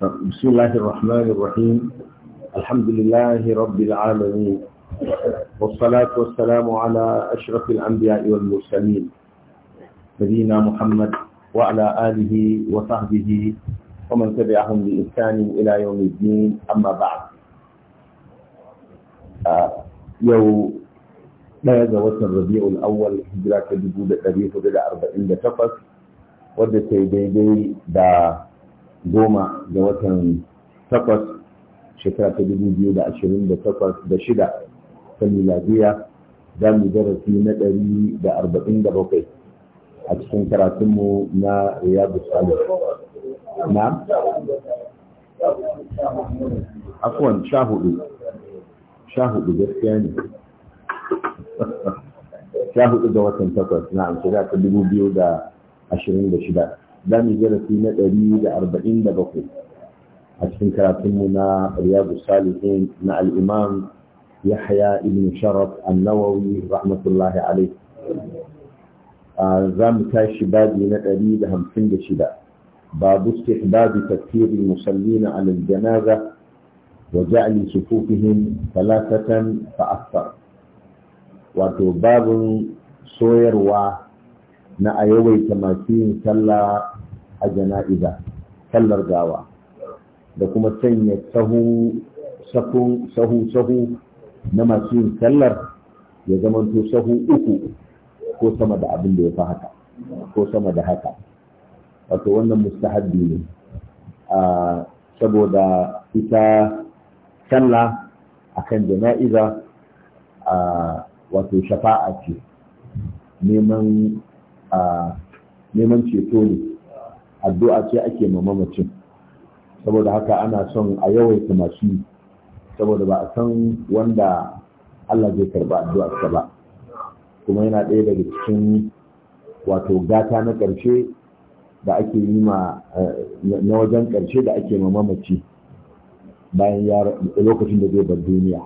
بسم الله الرحمن الرحيم الحمد لله رب العالمين والصلاة والسلام على أشرف الأنبياء والمرسلين نبينا محمد وعلى آله وصحبه ومن تبعهم بإحسان إلى يوم الدين أما بعد آه، يوم يو لا يزوج الربيع الأول هجرة 1448 wadda ta yi daidai دا goma ga watan takwas shekara ta dubu biyu da ashirin da takwas da shida ta miladiya za mu darasi na ɗari da arba'in da bakwai a cikin karatunmu na riyadu salim na afuwan sha hudu sha hudu gaskiya ne sha hudu ga watan takwas na amsa ta dubu biyu da ashirin da shida za mu darasi na ɗari da arba'in da bakwai a cikin karatunmu na riyadu salihin na al'imam yahya ibn sharaf annawawi rahmatullahi alaihi za mu tashi babi na ɗari da hamsin da shida babu istihbabi tafsirin musallina alal janaza وجعل صفوفهم ثلاثة فأكثر wato babu soyarwa na a yawaita masu yin sallah a jana'iza sallar gawa da kuma sanya sahu sahu na masu yin sallar ya zamanto sahu uku ko sama da abin da ya fi haka ko sama da haka wato wannan mustahabbi ne a saboda ita sallah kan jana'iza a wato shafa'a ce neman ceto ne addu'a ce ake ma mamacin saboda haka ana son a yawaita masu yi saboda ba a san wanda Allah zai karba addu'arsa ba kuma yana ɗaya daga cikin wato gata na ƙarshe da ake yi ma eh, na wajen ƙarshe da ake ma mamaci bayan lokacin da zai bar duniya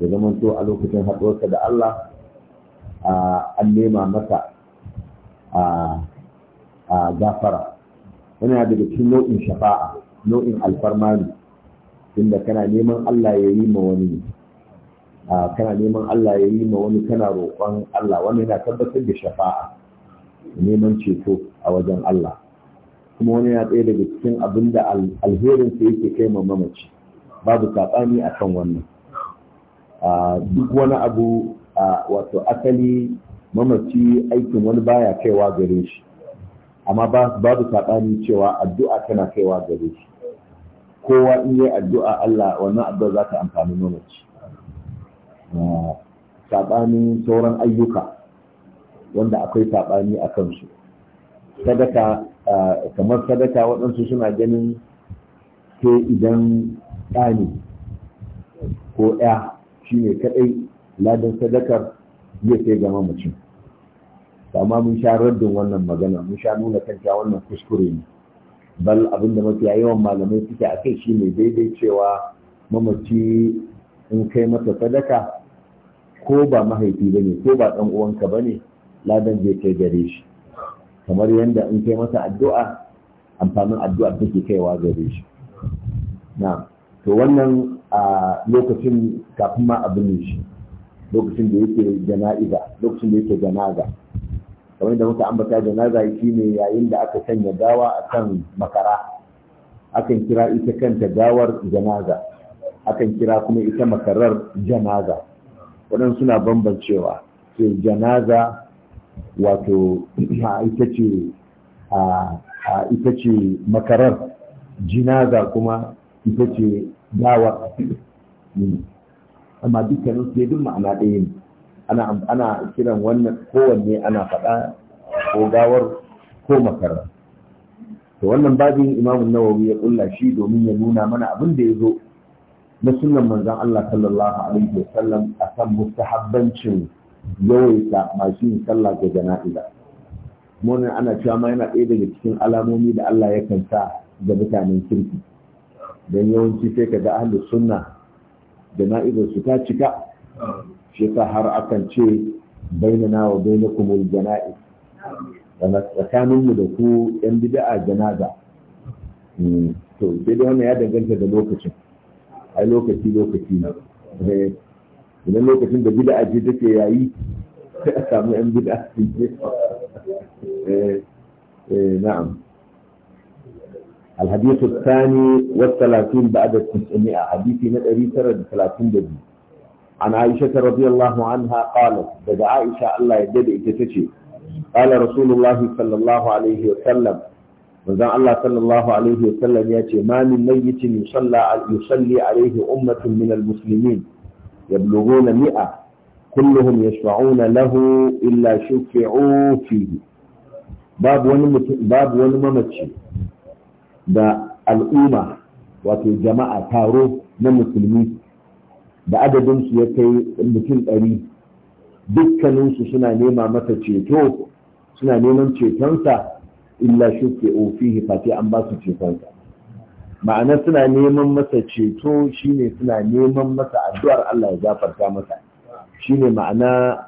ya zama so a lokacin haɗuwarsa da Allah ah, an nema masa ah, gafara yana daga cikin nau'in shafa'a nau'in alfarma ne tunda kana neman Allah ya yi ma wani kana neman Allah ya yi ma wani kana roƙon Allah wani yana tabbatar da shafa'a neman ceto a wajen Allah kuma wani yana ɗaya daga cikin abin da alherin sa yake kai ma mamaci babu saɓani a kan wannan duk wani abu wato asali mamaci aikin wani baya kaiwa gare shi amma babu saɓani cewa addu'a tana kaiwa gare shi kowa in yi addu'a Allah wannan addu'a za ta amfani mamaci ah, sabanin sauran ayyuka wanda akwai saɓani a kansu sadaka ah, kamar sadaka waɗansu suna ganin ke idan ɗani ko ɗaya shi ne kaɗai ladan sadakar zai sai gama mutum. amma mun sha raddin wannan magana mun sha nuna kanta wannan kuskure ne bal abin da mafiya yawan malamai suke a kai shine daidai cewa mamaci in kai masa sadaka ko ba mahaifi ba ne ko ba ɗan uwanka ba ne ladan zai kai gare shi kamar yadda in kai masa addu'a amfanin addu'a ke kaiwa gare shi na to wannan a lokacin kafin ma abin shi lokacin da yake jana'iza lokacin da yake jana'iza kamar da muka ambata janaza shi ne yayin da aka sanya gawa a kan makara akan kira ita kanta gawar janaza akan kira kuma ita makarar janaza waɗansu suna bambancewa sai janaza wato ita ce ita ce makarar jinaza kuma ita ce gawar hmm. amma dukkanin su duk ma'ana ɗaya ne ana kiran wannan kowanne ana faɗa ko gawar ko makarar to wannan babin imamu nawawi ya kulla shi domin ya nuna mana abin da ya zo na sunan manzon Allah sallallahu alaihi wa sallam a kan mustahabbancin yawaita masu yin sallah ga jana'iza mun ana cewa ma yana ɗaya daga cikin alamomi da Allah ya kanta ga mutanen kirki dan yawanci sai ka ga ahlus sunna jana'izar su ta cika shi yasa har akan ce bainana wa bainakumul jana'i tsakanin mu da ku yan bid'a janaza hmm, to sai dai wannan ya danganta da lokacin ai lokaci lokaci ne eh, idan lokacin da bid'a ce take yayi sai a samu yan bid'a eh eh na'am الحديث الثاني والثلاثين بعد التسعمائة حديثي نتري سرد ثلاثين دبي عن عائشة رضي الله عنها قالت بدأ عائشة الله يدد إتتشي قال رسول الله صلى الله عليه وسلم وذا الله صلى الله عليه وسلم يأتي ما من ميت يصلى, يصلي عليه أمة من المسلمين يبلغون مئة كلهم يشفعون له إلا شفعوا فيه باب ونمت باب ونممتشي da al'umma wato jama'a taro na musulmi da adadin su ya kai mutum ɗari dukkaninsu suna nema masa ceto suna neman cetonsa illa shuke ofihi fati an ba su cetonsa ma'ana suna neman masa ceto shine suna neman masa addu'ar Allah ya zafarta masa shine ma'ana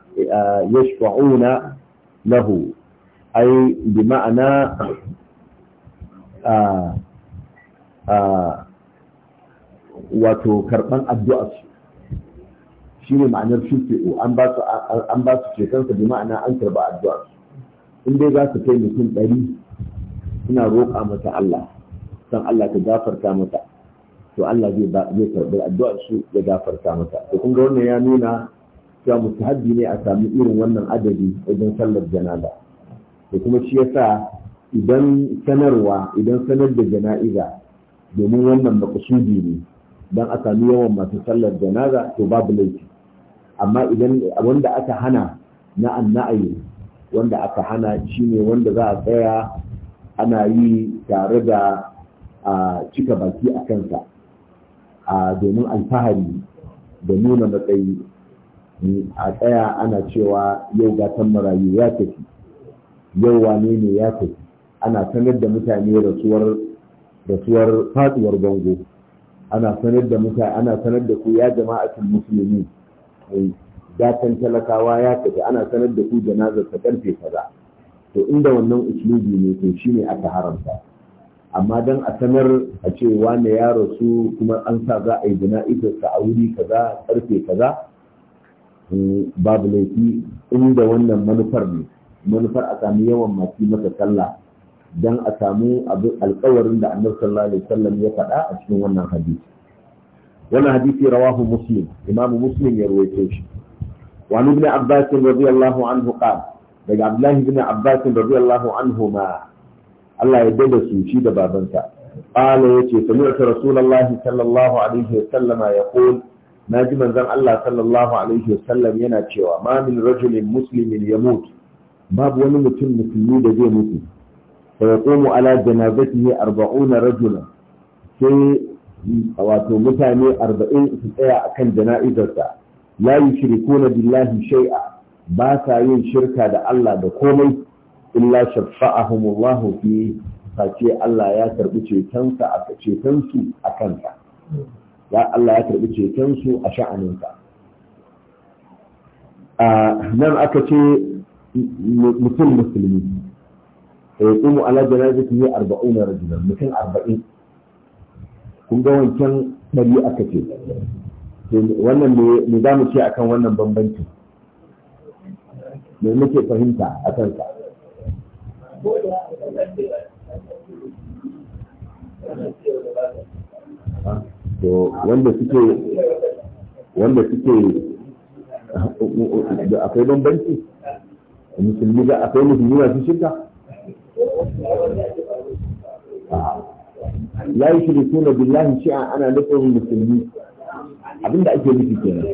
yashfa'una lahu ai bi ma'ana wato karban addu'arsu shi ne ma'anar shuke an ba su cetonsa bi ma'ana an karba addu'a in dai za su kai mutum ɗari suna roƙa mata Allah san Allah ta gafarta mata to Allah zai karɓi addu'ar su ya gafarta mata to kun ga wannan ya nuna cewa mustahabbi ne a sami irin wannan adadi wajen sallar janaza to kuma shi yasa idan sanarwa idan sanar da jana'iza domin wannan makasudi ne dan a sami yawan masu sallar janaza to babu laifi amma idan wanda aka hana na anna'ayi wanda aka hana shine wanda za a tsaya ana yi tare da a cika baki a kansa a domin alfahari da nuna matsayi a tsaya ana cewa yau gatan marayu ya tafi yau wane ne ya tafi ana sanar da mutane rasuwar rasuwar faduwar bango ana sanar da mutane ana sanar da ku ya jama'atul musulmi matsayi datan talakawa ya tafi ana sanar da ku janazar ta karfe kaza to inda wannan uslubi ne to shine aka haramta amma dan a sanar a ce wane ya rasu kuma an sa za a yi jana'izarsa a wuri kaza karfe kaza babu laifi inda wannan manufar ne manufar a sami yawan masu masa sallah dan a samu alkawarin da annabi sallallahu alaihi ya faɗa a cikin wannan hadisi wannan hadisi rawahu muslim imamu muslim ya ruwaito shi wa an ibn abbas radiyallahu anhu qala daga abdullahi ibn abbas radiyallahu anhu ma Allah ya dada su shi da babansa qala yace sami'tu rasulullahi sallallahu alaihi wasallam yaqul naji manzon Allah sallallahu alaihi wasallam yana cewa ma min rajulin muslimin yamut babu wani mutum musulmi da zai mutu fa yaqumu ala janazatihi 40 rajula sai A wato mutane arba'in su tsaya a kan jana'izarsa la na billahi shai'a ba sa yin shirka da Allah da komai illa shafa'ahumullahu fi Sace Allah ya karbi cetonsa a cetonsu a kansa ya Allah ya karbi cetonsu a sha'aninsa nan aka ce mutum musulmi ya eh, yi kuma ala jana'izar arba'una rajulan mutum arba'in kun ga wancan ɗari aka ce wannan ne za mu ce akan wannan bambancin me muke fahimta a kansa to wanda suke wanda suke da akwai bambanci musulmi da akwai musulmi masu shirka la yushrikuna billahi shi'a ana nufin musulmi abinda ake nufi kenan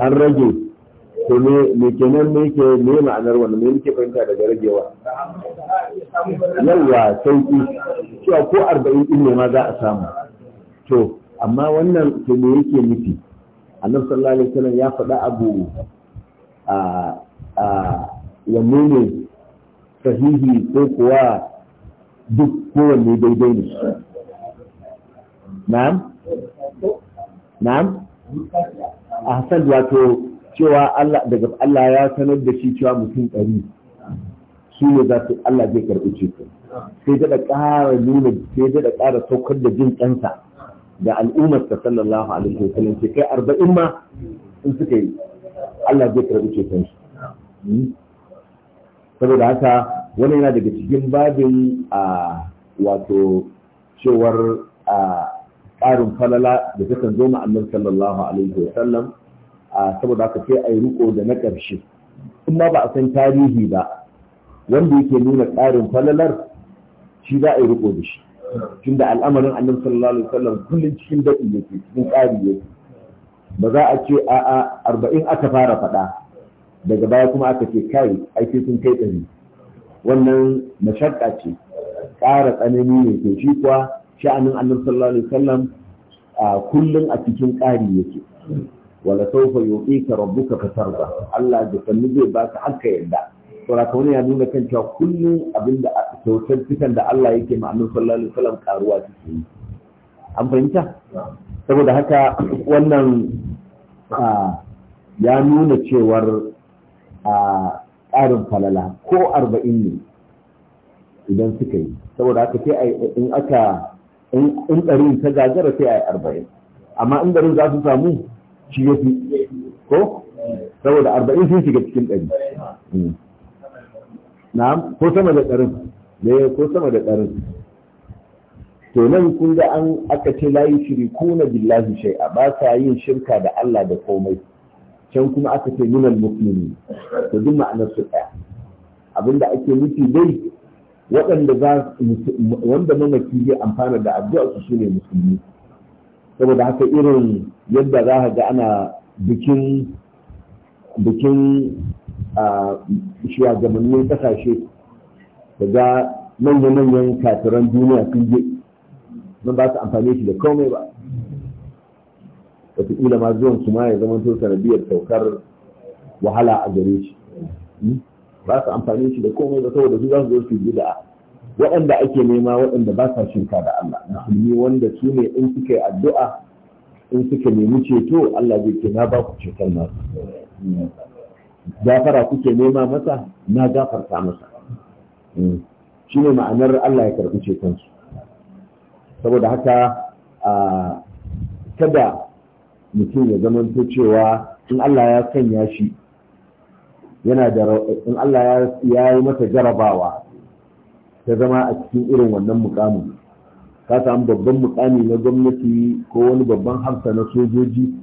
an rage to me me kenan me ke ne ma'anar wannan me ke fahimta daga ragewa yawa sauki cewa ko arba'in din ne ma za a samu to amma wannan to me yake nufi annabi sallallahu alaihi wasallam ya faɗa abu a a ya sahihi ko kuwa duk kowanne daidai ne na'am na'am ya wato cewa Allah daga Allah ya sanar da shi cewa mutum ɗari su ne za su Allah zai karɓi ceto sai da ƙara nuna sai da ƙara saukar da jin ƙansa da al'ummarsa sallallahu alaihi wa sallam sai kai arba'in ma in suka yi Allah zai karɓi ceton su hmm? saboda haka wani yana daga cikin babin a wato cewar a ƙarin falala da ta kan zo ma'anar sallallahu alaihi wasallam a saboda haka sai a yi riko da na ƙarshe kuma ba a san tarihi ba wanda yake nuna ƙarin falalar shi za a yi riko da shi tun da al'amarin annabi sallallahu alaihi wasallam kullum cikin daɗi yake cikin ƙari yake ba za a ce a'a arba'in aka fara faɗa daga baya kuma aka ce kai aiki sun kai ɗari wannan mashakka ce ƙara tsanani ne ke shi kuwa sha'anin annabi sallallahu alaihi wasallam kullum a cikin ƙari yake wala sawfa yu'tika rabbuka fatarda Allah da sanni zai baka haka yadda ka wani ya nuna kan cewa kullum abinda kyautar fitan da Allah yake ma annabi sallallahu alaihi wasallam karuwa take yi an fahimta saboda haka wannan ya nuna cewar a ƙarin falala ko arba'in ne idan suka yi saboda haka sai in aka in ɗarin ta gagara sai a yi arba'in amma in ɗarin za su samu shi ya fi ko saboda arba'in sun shiga cikin ɗari hmm. na'am ko sama da ɗarin ko sama da ɗarin to nan kun ga an aka ce layi shiri kuna billahi shai'a ba sa yin shirka da Allah da komai can kuma aka ce minal muslimi to duk ma'anar su ɗaya abinda ake nufi dai waɗanda za wanda mamaki zai amfana da addu'a su shine musulmi saboda haka irin yadda za ka ga ana bikin bikin shugabannin ƙasashe daga manya-manyan kafiran duniya sun je na ba su amfane shi da komai ba wataƙila ma zuwan su ma ya zama to sanadiyar saukar wahala a gare shi hmm? ba su amfani shi da komai ba saboda su za su zo su yi da'a waɗanda ake nema waɗanda ba sa shirka da Allah musulmi wanda su ne in suka yi addu'a in suka nemi ceto Allah zai ce na ba ku ceton nasu gafara kuke nema masa na gafarta masa hmm? shi ne ma'anar Allah ya karɓi cetonsu saboda haka ah, kada mutum ya zamanto cewa in Allah ya sanya shi yana da in Allah ya yi mata jarabawa ta zama a cikin irin wannan mukamin ka samu babban mukami na gwamnati ko wani babban hamsa na sojoji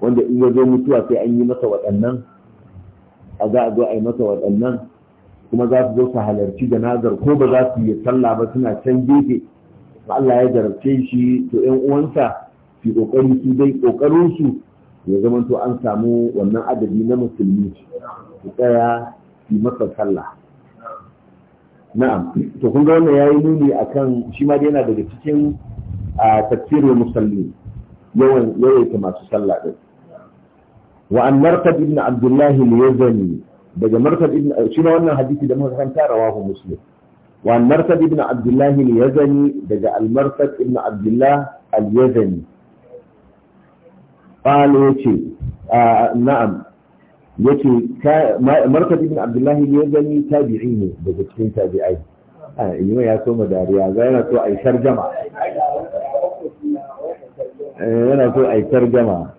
wanda in ya zo mutuwa sai an yi masa waɗannan a za a zo a yi masa waɗannan kuma za su zo su halarci nazar, ko ba za su yi sallah ba suna can gefe Allah ya jarabce shi to ƴan uwansa su kokari su dai kokarin su ya zama to an samu wannan adadi na musulmi su tsaya su masa sallah na'am to kun ga wannan yayi nuni akan shi ma dai yana daga cikin tafsirul musallin yawan yawaita masu sallah din wa an martab ibn abdullah al-yazani daga martab ibn shi ma wannan hadisi da muka karanta rawahu muslim وعن مرثد بن عبد الله اليزني دجا المرثد بن عبد الله اليزني قالوا يتي آه نعم يتي مركز بن عبد الله اليزني تابعين بجتين تابعين آه إنما يا سوما داريا زينا سوء أي ترجمة yana so a yi targama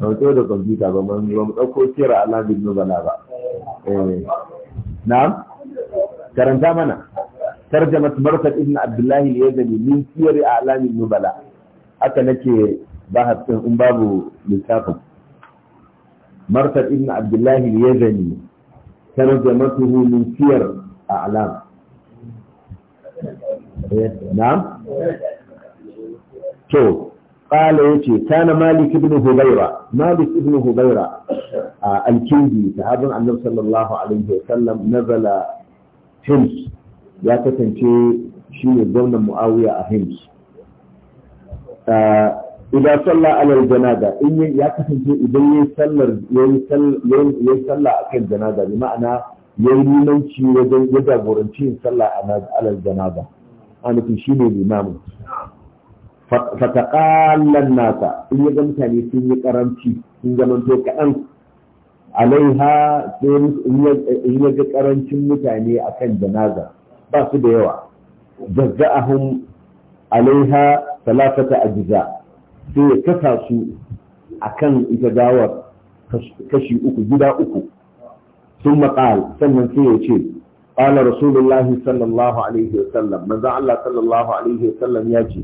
na wato da kwamfuta ba mu ɗauko kira Allah bin Nubala ba. Na'am? Karanta mana. Tarjama Marfat ibn Abdullahi ya zane min siyari a alamin bala Haka nake bahas ɗin in babu lissafin martar ibn abdullahi yazani tarjamatuhu min siyar a'lam Na? to ya ce, kana malik ibn hubayra malik ibn a al-kindi sahabin annabi sallallahu alaihi wa wasallam nazala hims ya kasance shi ne gwamnan muawiya a hims idan sallah alal janaza in ya kasance idan yayi sallar yayi sallah akan janaza bi ma'ana yayi limanci wajen ya jagoranci yin sallah alal janaza anufin shine limamin fataqallan nasa in ya mutane sun yi karanci sun zamanto kaɗan alaiha in ya ga karancin mutane akan janaza ba su da yawa jazza'ahum alaiha salatata ajza' sai ya kasa su kan ita gawar kashi uku gida uku sun maƙal sannan sai ya ce ƙala rasulullahi sallallahu alaihi wa sallam manzan Allah sallallahu alaihi wa sallam ya ce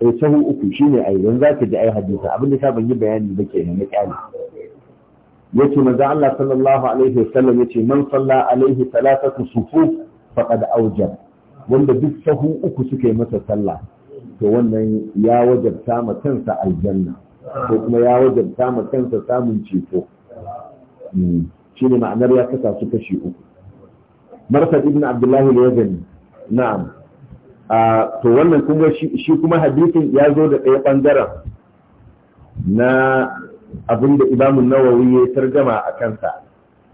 eh, sahu uku shine ai yanzu ka ji ai hadisa abinda ta ban yi bayani ba kenan na kyale yace manzan Allah sallallahu alaihi wa sallam ce, man salla alaihi thalathatu faɗa faqad awjab wanda duk sahu uku suka yi masa sallah to wannan ya wajabta ma kansa aljanna ko kuma ya wajabta ma kansa samun ceto hmm. shi ne ma'anar ya kasa su kashi uku martad ibn abdullahi al-yazani na'am to wannan kuma shi kuma hadisin ya zo da ɗaya ɓangaren na abin da imamun nawawi ya targama a kansa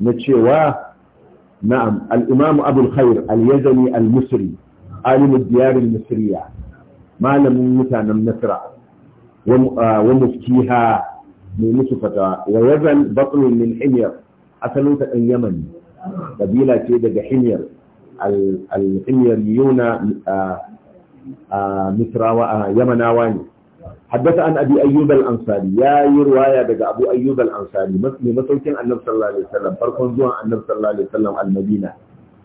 na cewa na'am al-imamu abul khair al-yazani al-misri alimul diyar al-misriya malamin mutanen Misra, wa ah, muftiha mai musu fatawa wa yaban batlun min himyar asalin ta ce daga himyar al himyar yuna a ah, ah, misrawa a yamanawa ne haddasa an abi ayyub ansari ya yi ruwaya daga abu ayyub al ansari mai masaukin annabi sallallahu alaihi wasallam farkon zuwan annabi al madina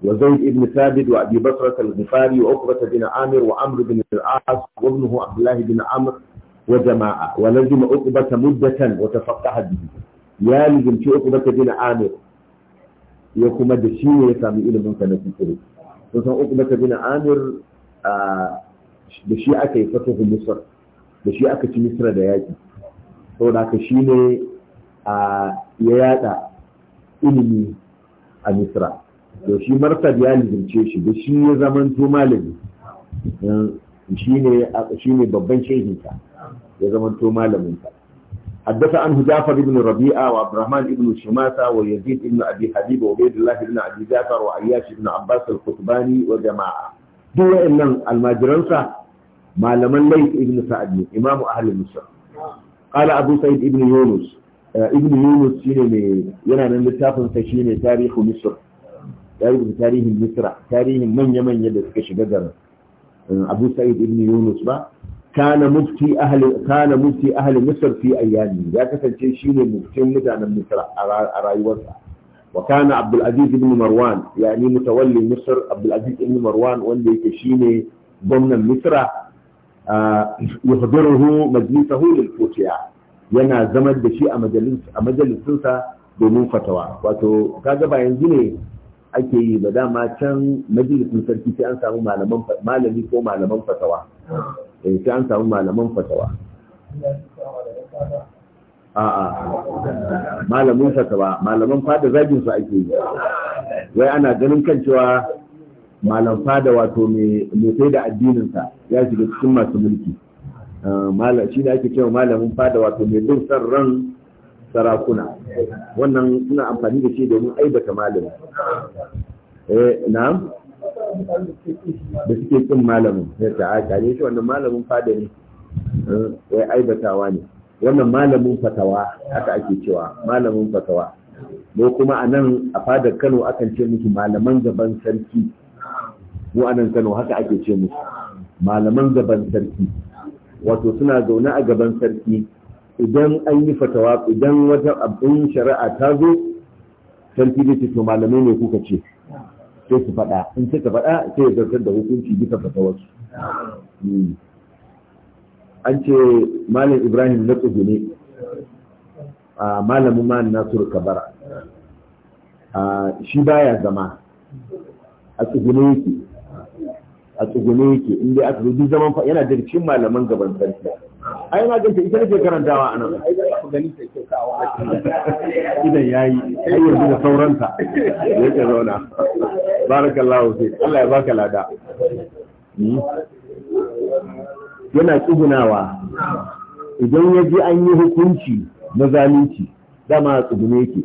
وزيد بن ثابت وأبي بكرة الغفاري وعقبة بن عامر وعمر بن العاص وابنه عبد الله بن عمرو وجماعة ولزم عقبة مدة وتفقه به يا لزم عقبة بن عامر يكما دشين يسامي إلى من كان في kusan uku baka bin amir da shi aka yi fatahu misr da shi aka ci misr da yaƙi saboda haka shi ne ya yada ilimi a misra Yaushe shi martab ya lizince shi da shi ya zaman to malami shi ne babban shehinka ya zaman to malamin ka haddasa an hujafar ibn rabi'a wa abrahman ibn shumasa wa yazid ibn abi habib wa ubaidullah ibn abi jafar wa ayyash ibn abbas al-qutbani wa jama'a duk wa'annan almajiransa malaman layth ibn sa'd imam ahli misr qala ibn yunus eh, ibn yunus shine yana nan littafin sa shine tarihi misr ya rubuta tarihin misra tarihin manya-manya da suka shiga garin abu sa'id ibn yunus ba kana mufti ahli kana mufti ahli misr fi ayyami ya kasance shine muftin mutanen misra a rayuwarsa wa kana abdul aziz ibn marwan yani mutawalli misr abdul aziz ibn marwan wanda yake shine gwamnan misra ah, yuhdiruhu majlisahu lil futiya yana zaman da shi a majalisinsa domin fatawa wato kaga ba yanzu ne ake yi ba dama can majalisun sarki sai an samu malaman malami ko malaman fatawa eh sai an samu malaman fatawa a a malamin fatawa malaman fada zagin su ake yi wai ana ganin kan cewa malam fada wato mai sai da addinin sa ya shiga cikin masu mulki eh, malam shi da ake cewa malamin fada wato mai bin san ran sarakuna wannan suna amfani da shi domin aibata malami eh na'am da suke cin malamin ya aka ne shi wannan malamin fada ne wai eh, aibatawa ne wannan malamin fatawa haka ake cewa malamin fatawa mu kuma a nan a fadar Kano akan ce musu malaman gaban sarki mu a nan Kano haka ake ce musu malaman gaban sarki wato suna zaune a gaban sarki idan an yi fatawa idan wata abin shari'a ta zo sarki da to malamai ne kuka ce sai su faɗa in suka faɗa sai ya zartar da hukunci bisa fatawarsu hmm. an ce malam ibrahim na ne a malamin ma nasiru kabara shi baya zama a tsugune yake a tsugune yake inda aka zo duk zaman yana da cikin malaman gaban sarki ai na ganta ita nake karantawa a nan idan yayi ai yanzu da sauranta yake zauna barakallahu fi Allah ya baka lada hmm? yana tsugunawa idan ya ji an yi hukunci na zalunci dama a tsugune yake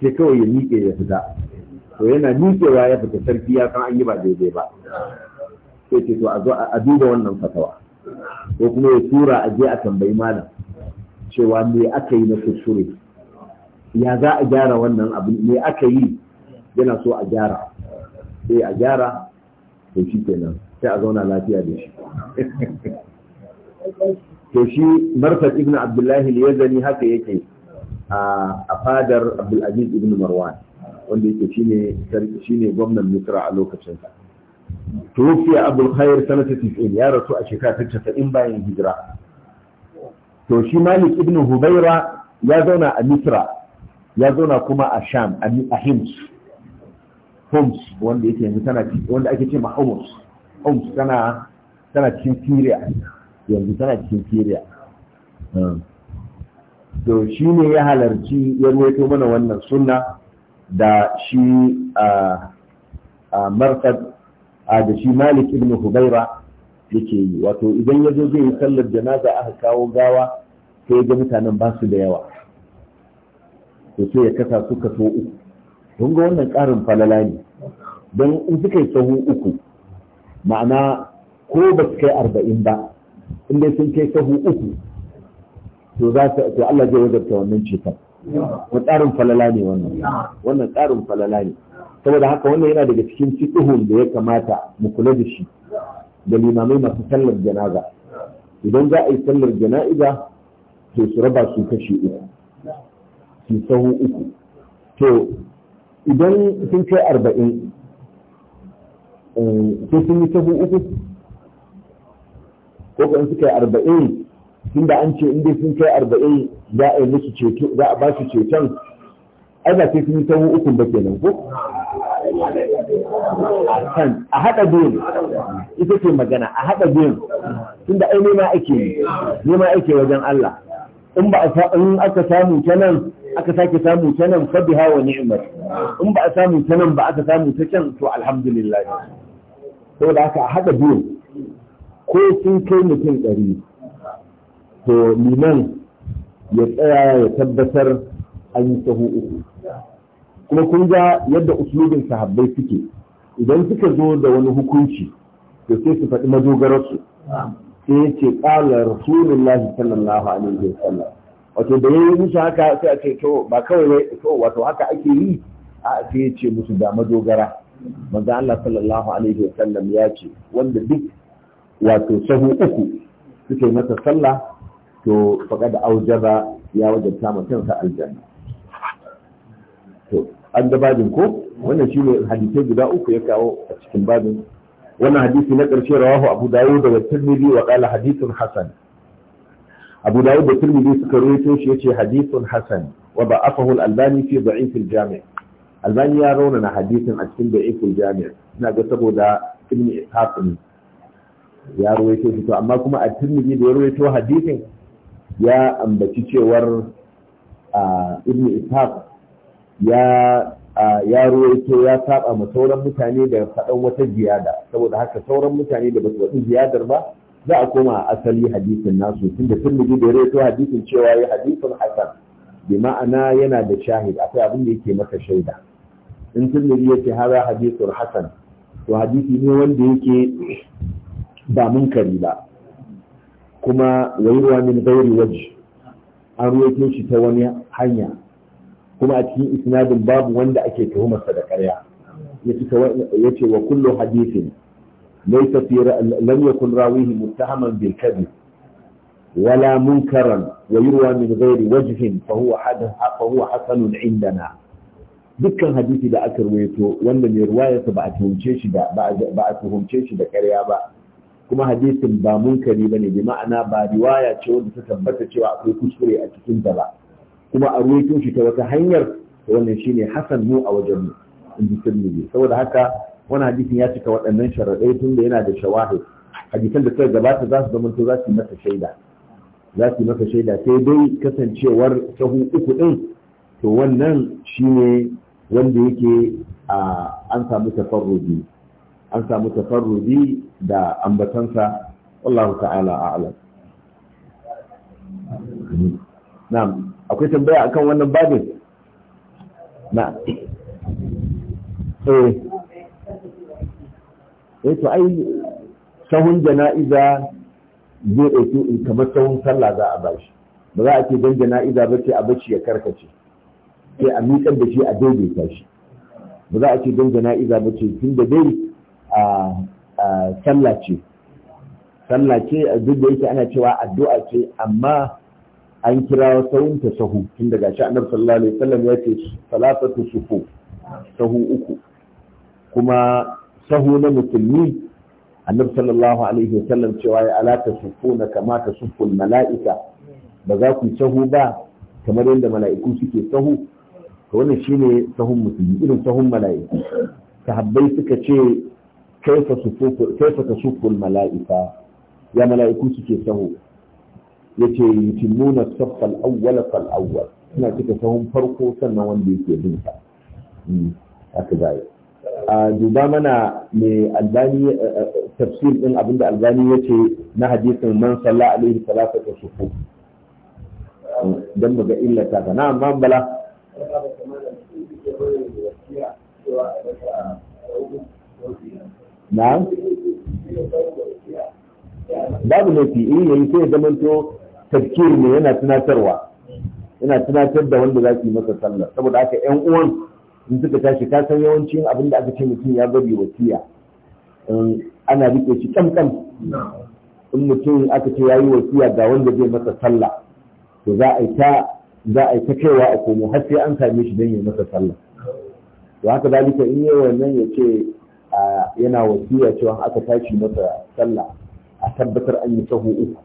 ke kawai ya miƙe ya fita to yana miƙewa ya fita sarki ya san an yi ba daidai ba sai ce to a duba wannan fatawa ko kuma ya tura a je a tambayi malam cewa me aka yi na kuskure ya za a gyara wannan abu me aka yi yana so a gyara sai eh, a gyara to shi kenan sai a zauna lafiya da shi to shi marfat ibn abdullahi yazani haka yake a fadar abdulaziz ibn marwan wanda yake shine shine gwamnan misra a lokacin tuwufiya abul khair sanata 90 ya rasu a shekara ta 90 bayan hijira to shi malik ibn hubaira ya zauna a misra ya zauna kuma a sham a hims homs wanda wanda ake ce ma homs tana yanzu tana to shi ne ya halarci ya ruwaito mana wannan sunna da shi a marsad a da shi malik ibn hubaira yake yi wato idan ya zo zai yi sallar janaza aka kawo gawa sai ga mutanen ba su da yawa to sai ya kasa su kaso uku don ga wannan karin falala ne don in suka yi sahu uku ma'ana ko ba su kai arba'in ba in dai sun kai sahu uku to za su to Allah zai wajabta wannan ceton wannan tsarin falala ne wannan wannan tsarin falala ne saboda haka wannan yana daga cikin fiqhun da ya kamata mu kula da shi da limamai masu sallar janaza idan za a yi sallar jana'iza to su raba su kashe uku su sahu uku to idan sun kai arba'in eh, sai sun yi sahu uku ko kan suka yi arba'in tun da an ce in dai sun kai arba'in za a yi musu ceto za a ba su ceton ai ba sai sun yi sahu uku ba kenan ko kan a haɗa biyun ita ce magana a haɗa biyun da ai nema ake yi nema ake wajen Allah in ba aka samu ta nan aka sake samu ta nan fa biha wa in ba a samu ta nan ba aka samu ta can to alhamdulillah saboda haka a haɗa biyun ko sun kai mutum ɗari to liman ya tsaya ya tabbatar an yi sahu uku kuma kun ga yadda usulubin sahabbai suke idan suka zo da wani hukunci to sai su faɗi madogararsu sai ya ce ƙala rasulullahi sallallahu alaihi wa sallam wato da yayi musu haka sai a ce to ba kawai to wato haka ake yi a sai ya ce musu da madogara manzo Allah sallallahu alaihi wa sallam ya ce wanda duk wato sahu uku suke masa sallah to faqad aujaba ya wajabta mutum sa aljanna to an da babin ko wannan shi ne hadisai guda uku ya kawo a cikin babin wannan hadisi na ƙarshe rawahu abu dawud da tirmidhi wa qala hadithun hasan abu dawud da tirmidhi suka rawaito shi yace hadithun hasan wa ba'afahu al-albani fi da'if al-jami' albani ya raunana hadithin a cikin da'if al-jami' ina ga saboda ibn ishaq ya rawaito shi to amma kuma a tirmidhi da ya rawaito hadithin ya ambaci cewar ibn ishaq ya ruwaito ya saba ma sauran mutane da faɗan wata ziyada saboda haka sauran mutane da basu waɗi ziyadar ba za a koma asali hadisin nasu tunda turmiji da raito hadisin cewa ya hadisin hasan bi ma'ana yana da shahid akwai abin da yake masa shaida in turmiji yake hara hadisin hasan to hadisi ne wanda yake ba munkari ba kuma wayruwa min ghairi waji an ruwaito shi ta wani hanya kuma a cikin isnadin babu wanda ake tuhumarsa da karya. ya ce wa kullu hadithin laysa fi lam yakun rawihi muttahaman bil kadhib wala munkaran wa yurwa min ghairi wajhin fa huwa hadath fa huwa hasanun indana dukkan hadisi da aka ruwaito wanda mai ruwayarsa ba a tuhumce shi da ba a tuhumce shi da karya ba kuma hadisin ba munkari bane bi ma'ana ba riwaya ce wanda ta tabbata cewa akwai kuskure a cikin ta ba kuma a ruwaitun shi ta wata hanyar wannan shi ne hasan mu a wajen mu in ji tirmidhi saboda haka wannan hadisin ya cika waɗannan sharaɗai tun da yana da shawahi hadisan da suka gabata za su to za su yi masa shaida za su yi masa shaida sai dai kasancewar sahu uku ɗin to wannan shi ne wanda yake an samu tafarrubi an samu tafarrudi da ambatansa wallahu ta'ala a'lam na'am akwai tambaya akan wannan babin na eh eh to ai sahun jana'iza zai ɗauki kamar sahun sallah za a bashi ba za a ce don jana'iza ba ce a bashi ya karkace sai a miƙar da shi a daidaita shi ba za a ce don jana'iza ba ce tun da dai a sallah ce sallah ce duk da yake ana cewa addu'a ce amma an kira sahun ta sahu tun daga shi annabi sallallahu alaihi wasallam ya ce salatu sufu sahu uku kuma sahu na musulmi annabi sallallahu alaihi wasallam cewa ya alata na kama ta sufu mala'ika ba za ku sahu ba kamar yadda mala'iku suke sahu to wannan shine sahun musulmi irin sahun mala'iku sahabbai suka ce kaifa sufu kaifa sufu mala'ika ya mala'iku suke sahu yace yutimuna saffal awwal fal awwal suna cika sahun farko sannan wanda yake bin sa hmm, ka. zai a duba mana mai albani eh, eh, tafsir din abinda albani yace na hadisin man salla alaihi salatu sufu hmm, dan muga illa ta ga na'am bala na babu ne fi in yayi sai zamanto tafkir ne yana tunatarwa yana tunatar da wanda za masa sallah saboda haka yan uwan in suka tashi ka san yawancin abin da aka ce mutum ya bari wasiya ana rike shi kam kam in mutum aka ce yayi wasiya ga wanda zai masa sallah to za a yi ta za a ta kaiwa a komo har sai an same shi don ya masa sallah to haka dalika in yi wannan ya ce yana wasiya cewa aka tashi masa sallah a tabbatar an yi sahu uku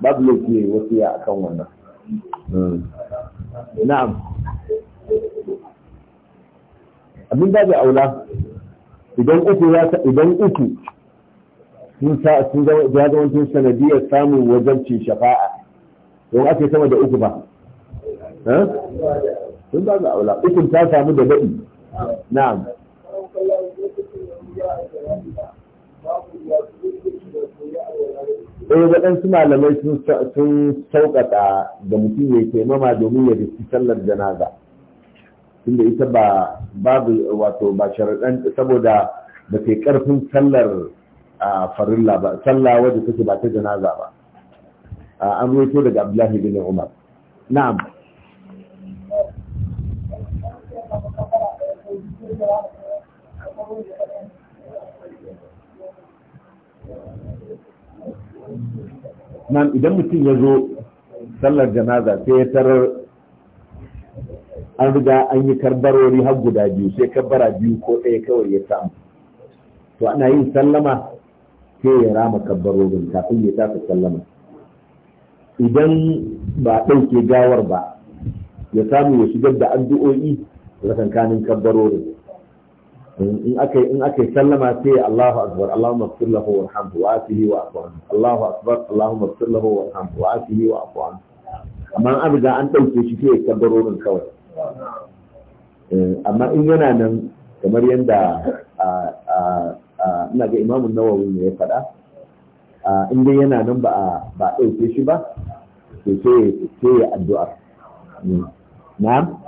babu laifi ya yi a kan wannan hmm. na'am abin babu aula idan uku idan uku sun zama wancin sanadiyar samun wajabcin shafa'a don ake sama da uku ba hmm? sun ga aula uku ta samu da daɗi na'am eh waɗansu malamai sun sauƙaƙa da mutum ya taimama domin ya riski sallar janaza tunda ita ba babu wato ba sharaɗan saboda ba ta ƙarfin sallar farilla ba sallah wadda take ba ta janaza ba an roto daga abdullahi bin umar na'am nan idan mutum ya zo sallar janaza sai ya tarar an riga an yi karbarori har guda biyu sai karbara biyu ko ɗaya kawai ya samu to ana yin sallama sai ya rama kabbarorin kafin ya tafi sallama idan ba ɗauke gawar ba ya samu ya shigar da addu'o'i tsakankanin kabbarorin in aka in aka sallama sai Allahu akbar Allahumma ighfir lahu warhamhu wa afihi wa afu anhu Allahu akbar Allahumma ighfir lahu warhamhu wa afihi wa afu anhu amma an riga an dauke shi sai kabbarorin kawai eh, amma in yana nan kamar yadda ina ga imamun nawawi ne ya faɗa in dai yana nan ba ba ɗauke shi ba sai sai ya addu'a hmm. na'am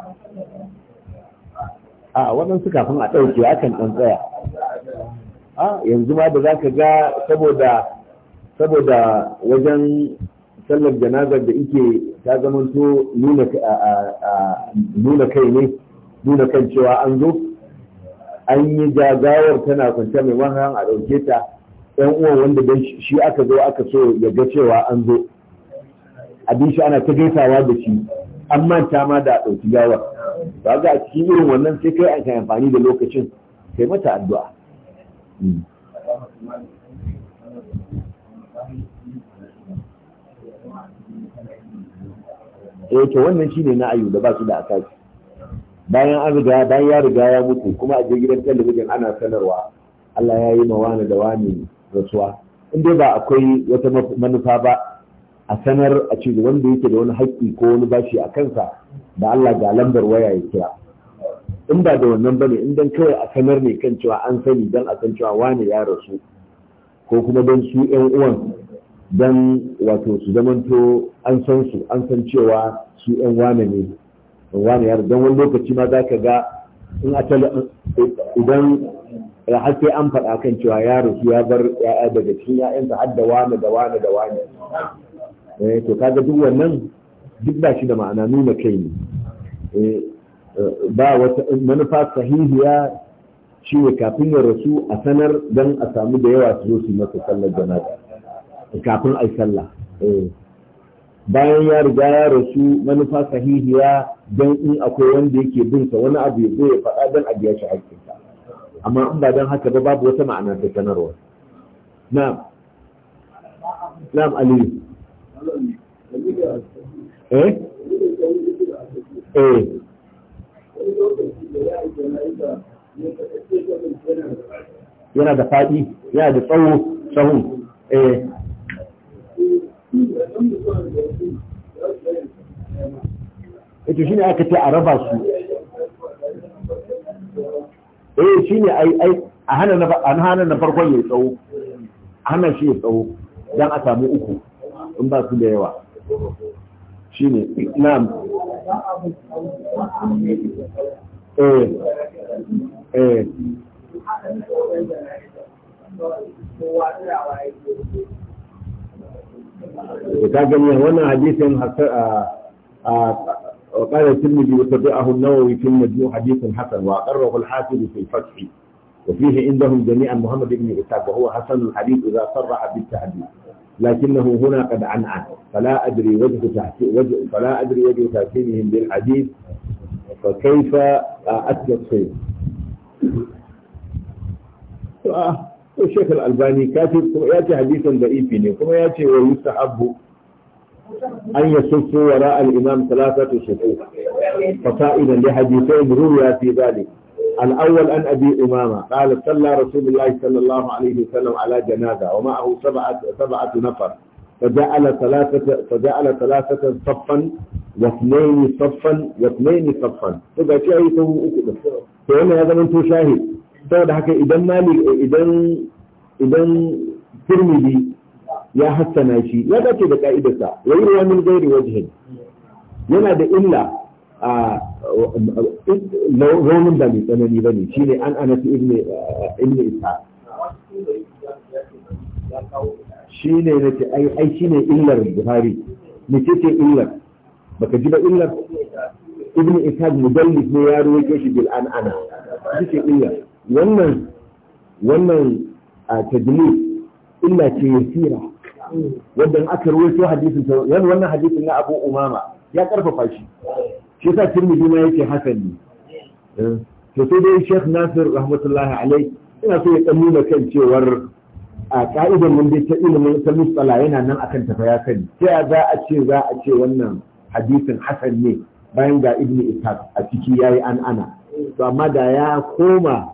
a waɗansu kafin a ɗauke akan ɗan tsaya a yanzu ma da za ka ga saboda wajen sallar janazar da ike ta zamanto nuna kai ne nuna kan cewa an zo an yi jagawar tana kwance mai mahan a ɗauke ta ɗan uwan wanda don shi aka zo aka so ya ga cewa an zo abin shi ana ta gaisawa da shi an manta ma da ɗauki gawar ba ga a cikin irin wannan sai kai an amfani da lokacin kai mata addu'a eh to wannan shine na ayu da ba su da asasi bayan an riga bayan ya riga ya mutu kuma a je gidan talabijin ana sanarwa Allah ya yi na da wani rasuwa in ba akwai wata manufa ba a sanar a ce wanda yake da wani haƙƙi ko wani bashi a kansa da Allah ga lambar waya ya kira in ba da wannan bane in dan kawai a sanar ne kan cewa an sani dan a san cewa wani ya rasu ko kuma dan su ƴan uwan dan wato su zamanto an san su an san cewa su ƴan wane ne wane ya dan wani lokaci ma zaka ga in a idan har sai an faɗa kan cewa ya rasu ya bar ya'ya daga cikin ya'yansa har da wane da wane da wane eh to kaga duk wannan duk ba shi da ma'ana nuna kai ne eh, eh, ba wata manufa sahihiya shi ne kafin ya rasu a sanar don a samu da yawa su zo su masa sallar jana'a kafin a sallah eh, bayan ya riga ya rasu manufa sahihiya don in akwai wanda yake bin sa wani abu ya zo ya faɗa don a biya shi haƙƙinsa amma in ba don haka ba babu wata ma'ana ta sanarwa na'am na'am aliyu eh eh yana da faɗi yana da tsawo tsawon. eh ito eh, shine aka ce a raba su eh shine ai ai a hana na an hana na farkon yayi tsawo a hana shi yayi tsawo dan a samu uku in ba su da yawa shine نعم ايه ايه ka هنا حديث حسن وقال آه، آه، الترمذي وتبعه النووي في المجموع حديث حسن واقره الحافظ في الفتح وفيه عندهم جميعا محمد بن اسحاق وهو حسن الحديث اذا صرح بالتحديث لكنه هنا قد عنعن فلا أدري وجه وجه فلا أدري وجه تحكيمهم بالحديث فكيف التصحيح؟ آه، الشيخ الألباني كاتب كما يأتي حديثا ضعيفا كما يأتي ويستحب أن يصف وراء الإمام ثلاثة صفوف فصائلا لحديثين رويا في ذلك الأول أن أبي أمامة قال صلى رسول الله صلى الله عليه وسلم على جنازة ومعه سبعة, سبعة نفر فجعل ثلاثة فجعل ثلاثة صفا واثنين صفا واثنين صفا تبقى شيء تو فهنا هذا من تشاهد saboda haka idan malik idan idan tirmidhi ya hassana shi ya dace da ka'idarsa wa yi wani gairi wajhin yana da illa raunin da mai tsanani ba ne shi ne an anafi ibn isa shi ne na ce ai shi ne illar buhari mace ce ce illar baka ji ba illar ibn isa mudallis ne ya ruwaito shi bil an ana shi ce illar wannan wannan a tajmi illa ce yasira wanda aka ruwaito hadisin ta wannan hadisin na abu umama ya karfafa shi shi yasa tirmidhi ma yake hasan ne eh, to sai dai Sheikh Nasir rahmatullahi alai ina so ya dan nuna kan cewar a ka'idar mun dai ta ilimin ta musala yana nan akan tafa ya sani sai za a ce za a ce wannan hadisin hasan ne bayan ga ibn ishaq a ciki yayi an ana to amma da ya koma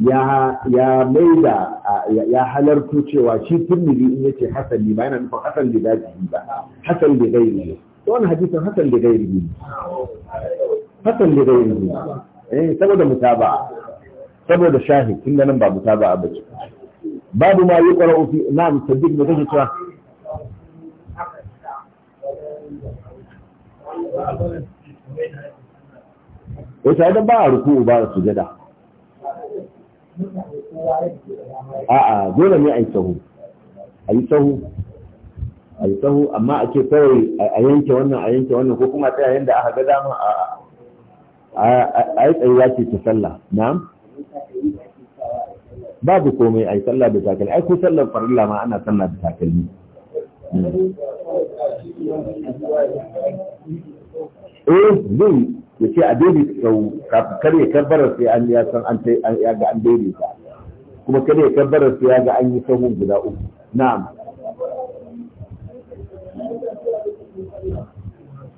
ya ya maida ya halarto cewa shi tirmidhi in yace hasan ne ba yana nufin hasan da ba hasan da gairi wani hadisin hasan da gairi hasan da gairi eh saboda mutaba'a saboda tun da nan ba mutaba'a bace babu ma yi ƙwararru fi na'am sabbi da kake cewa Wata eh, da ba a ruku ba da sujada. A'a, dole ne a yi sahu. A yi sahu, a yi tsawo amma a ce kawai a yanke wannan a yanke wannan ko kuma yayin da aka ga dama a yi tsayuwa ce ta sallah na'am babu komai a yi sallah da takalmi ai ko sallar farilla ma ana sallah da takalmi eh zai ya ce a daidai sau kar ya sai an ya san an ya ga an daidaita kuma kar ya kabbarar sai ya ga an yi sahun guda uku na'am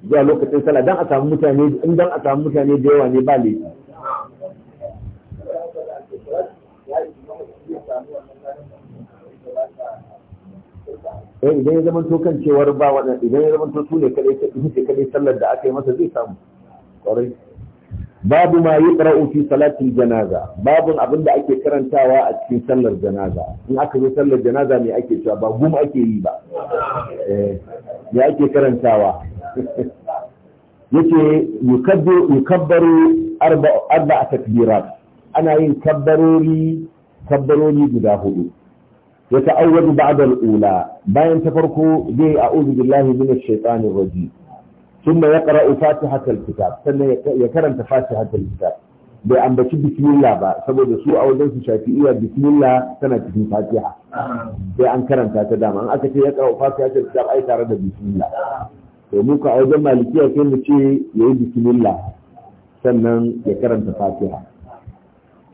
zuwa lokacin sallah dan a samu mutane in dan a samu mutane da yawa ne ba laifi eh idan ya zama to kan cewar ba wannan idan ya zama to su ne kadai su kadai sallar da aka yi masa zai samu kwarai babu ma yi ƙara'u fi salatin janaza babu abin da ake karantawa a cikin sallar janaza in aka zo sallar janaza me ake cewa ba gum ake yi ba eh me ake karantawa yace yukabbiru yukabbaru arba arba takbirat ana yin kabbarori kabbarori guda hudu ya ta'awwadu ba'da al-ula bayan ta farko zai a'udhu billahi minash shaitanir rajim ثم يقرأ فاتحة ya karanta يكرم فاتحة الكتاب bai ambaci bismillah ba saboda su a wajen su shafi'iyya bismillah tana cikin fatiha sai an karanta ta dama an aka ce ya karau fatiha kitab ai tare da bismillah to mu ka wajen malikiya sai mu ce ya yi bismillah sannan ya karanta fatiha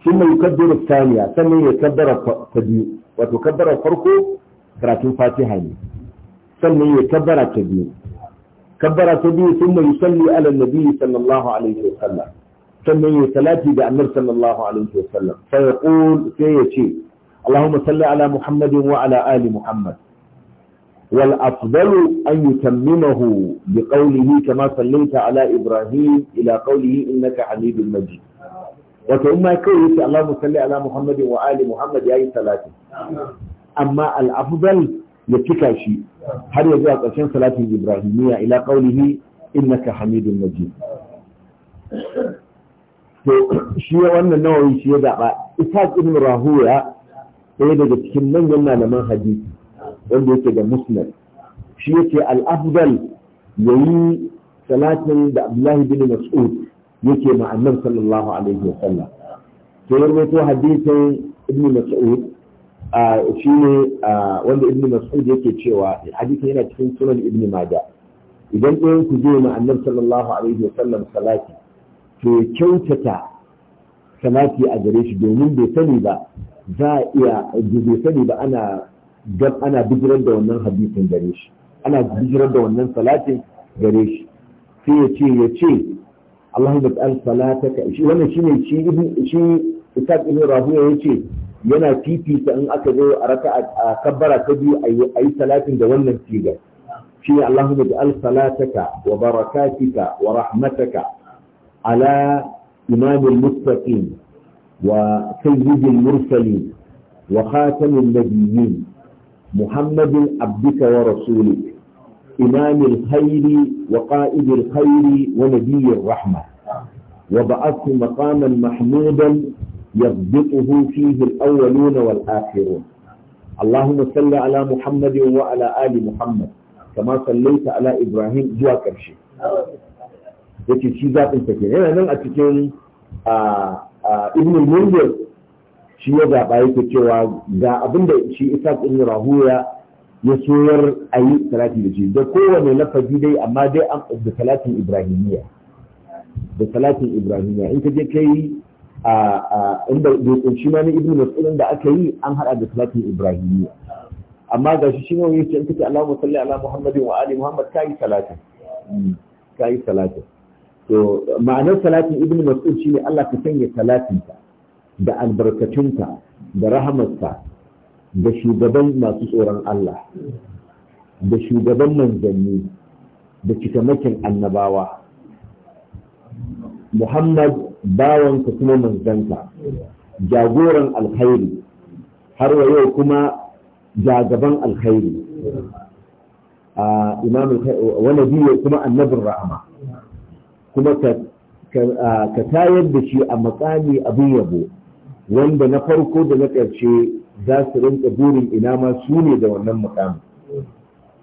shi mai yukaddiru saniya sannan ya kaddara ta biyu wato kaddara farko karatun fatiha ne sannan ya kaddara ta biyu kaddara ta biyu sun mai yusalli ala nabi sallallahu alaihi wa sannan ya salati da annabi sallallahu alaihi wa sai ya ce اللهم صل على محمد وعلى محمد والأفضل أن يتممه بقوله كما صليت على إبراهيم إلى قوله إنك حميد مجيد وكما كويس اللهم صل على محمد وآل محمد يا ثلاثة أما الأفضل يتكى شيء هل يجوى قرشان صلاة إبراهيمية إلى قوله إنك حميد مجيد shi wannan nawawi shi ya zaɓa ishaq ibn rahuya ɗaya daga cikin manyan malaman hadisi wanda yake da musnad shi yake al-afdal yayi salatin da Abdullahi bin Mas'ud yake ma annabi sallallahu alaihi wasallam to yar to hadisin ibn Mas'ud shi ne wanda ibn Mas'ud yake cewa hadisin yana cikin sunan ibn Majah idan ɗayan ku je ma annabi sallallahu alaihi wa wasallam salati to kyautata salati a gare shi domin bai sani ba za a iya bai sani ba ana don ana bijirar da wannan hadisin gare shi ana bijirar da wannan salatin gare shi sai ya ce ya ce Allahumma ta'al salataka shi wannan shine shi ibn shi Isaac ibn Rahuya yace yana fifita in aka zo a raka'a a kabbara ta biyu ayi salatin da wannan siga shi ne Allahumma ta'al salataka wa barakatika wa rahmataka ala imamil muttaqin wa sayyidil mursalin وخاتم النبيين محمد عبدك ورسولك إمام الخير وقائد الخير ونبي الرحمة وبعثت مقاما محمودا يضبطه فيه الأولون والآخرون اللهم صل على محمد وعلى آل محمد كما صليت على إبراهيم جوا كرشي yake shi zaɓin ta ke yana nan a cikin ibn al-munzir shi ya zaɓa yake cewa ga abin da shi isa ibn rahuya ya soyar a yi salati da shi da kowane lafazi dai amma dai an da salatin ibrahimiya da salatin ibrahimiya in ka je ka yi a inda bai kunshi ma na ibn mas'ud da aka yi an hada da salatin ibrahimiya amma ga shi shi ne yace in kace Allahumma salli ala Muhammadin wa ali Muhammad kai salatin hmm. kai salatin to ma'anar salatin ibn mas'ud shine Allah ka sanya salatin ka da albarkatunka da rahamarsa da shugaban masu tsoron Allah da shugaban manzanni da cikamakin annabawa Muhammad bawanka kuma manzanka jagoran alkhairi har wa yau kuma jagaban alkhairi imam wani kuma annabin rahama kuma ka tayar da shi a makami abin yabo wanda na farko da na ƙarshe za su rinka burin ina ma su ne da wannan mukamin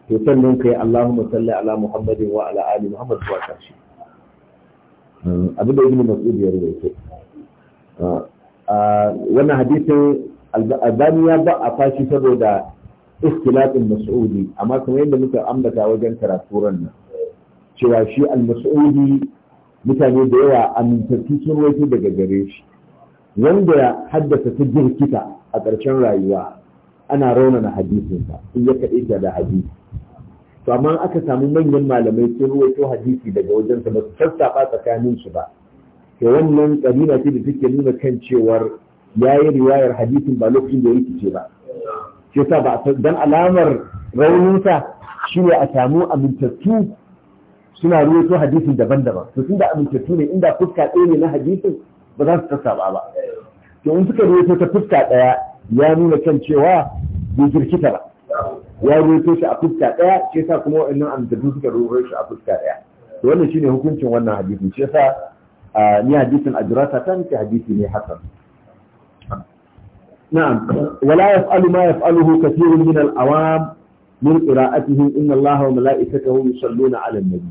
to sannan kai Allahu salli ala Muhammadin wa ala ali Muhammad zuwa ƙarshe abin da ibnu mas'ud ya rubuta wannan hadisin albani ya ba a fashi saboda istilatin mas'udi amma kamar yadda muka ambata wajen karaturan nan cewa shi al-mas'udi mutane da yawa amintattu sun rawaito daga gare shi wanda ya haddasa ta jirkita a ƙarshen rayuwa ana raunana hadisinsa in ya kaɗe da hadisi to amma aka samu manyan malamai sun ruwaito hadisi daga wajensa ba su sassafa tsakanin su ba to wannan ƙarina ce da take nuna kan cewar ya yi riwayar hadisin ba lokacin da ya rikice ba shi yasa ba dan alamar rauninsa shine a samu amintattu suna ruwaito hadisin daban-daban to tunda amintattu ne inda fuska ɗaya ne na hadisin ba za su ta saba ba to in suka ruwaito ta fuska ɗaya ya nuna kan cewa bai jirkita ba ya ruwaito shi a fuska ɗaya shi yasa kuma wa'annan annabi suka ruwaito shi a fuska ɗaya to wannan shine hukuncin wannan hadisi. shi yasa ni hadisin ajrata tan ki hadisi ne hasan na'am wala yaf'alu ma yaf'aluhu kathirun min al-awam min qira'atihim inna Allaha wa mala'ikatahu yusalluna 'alan nabi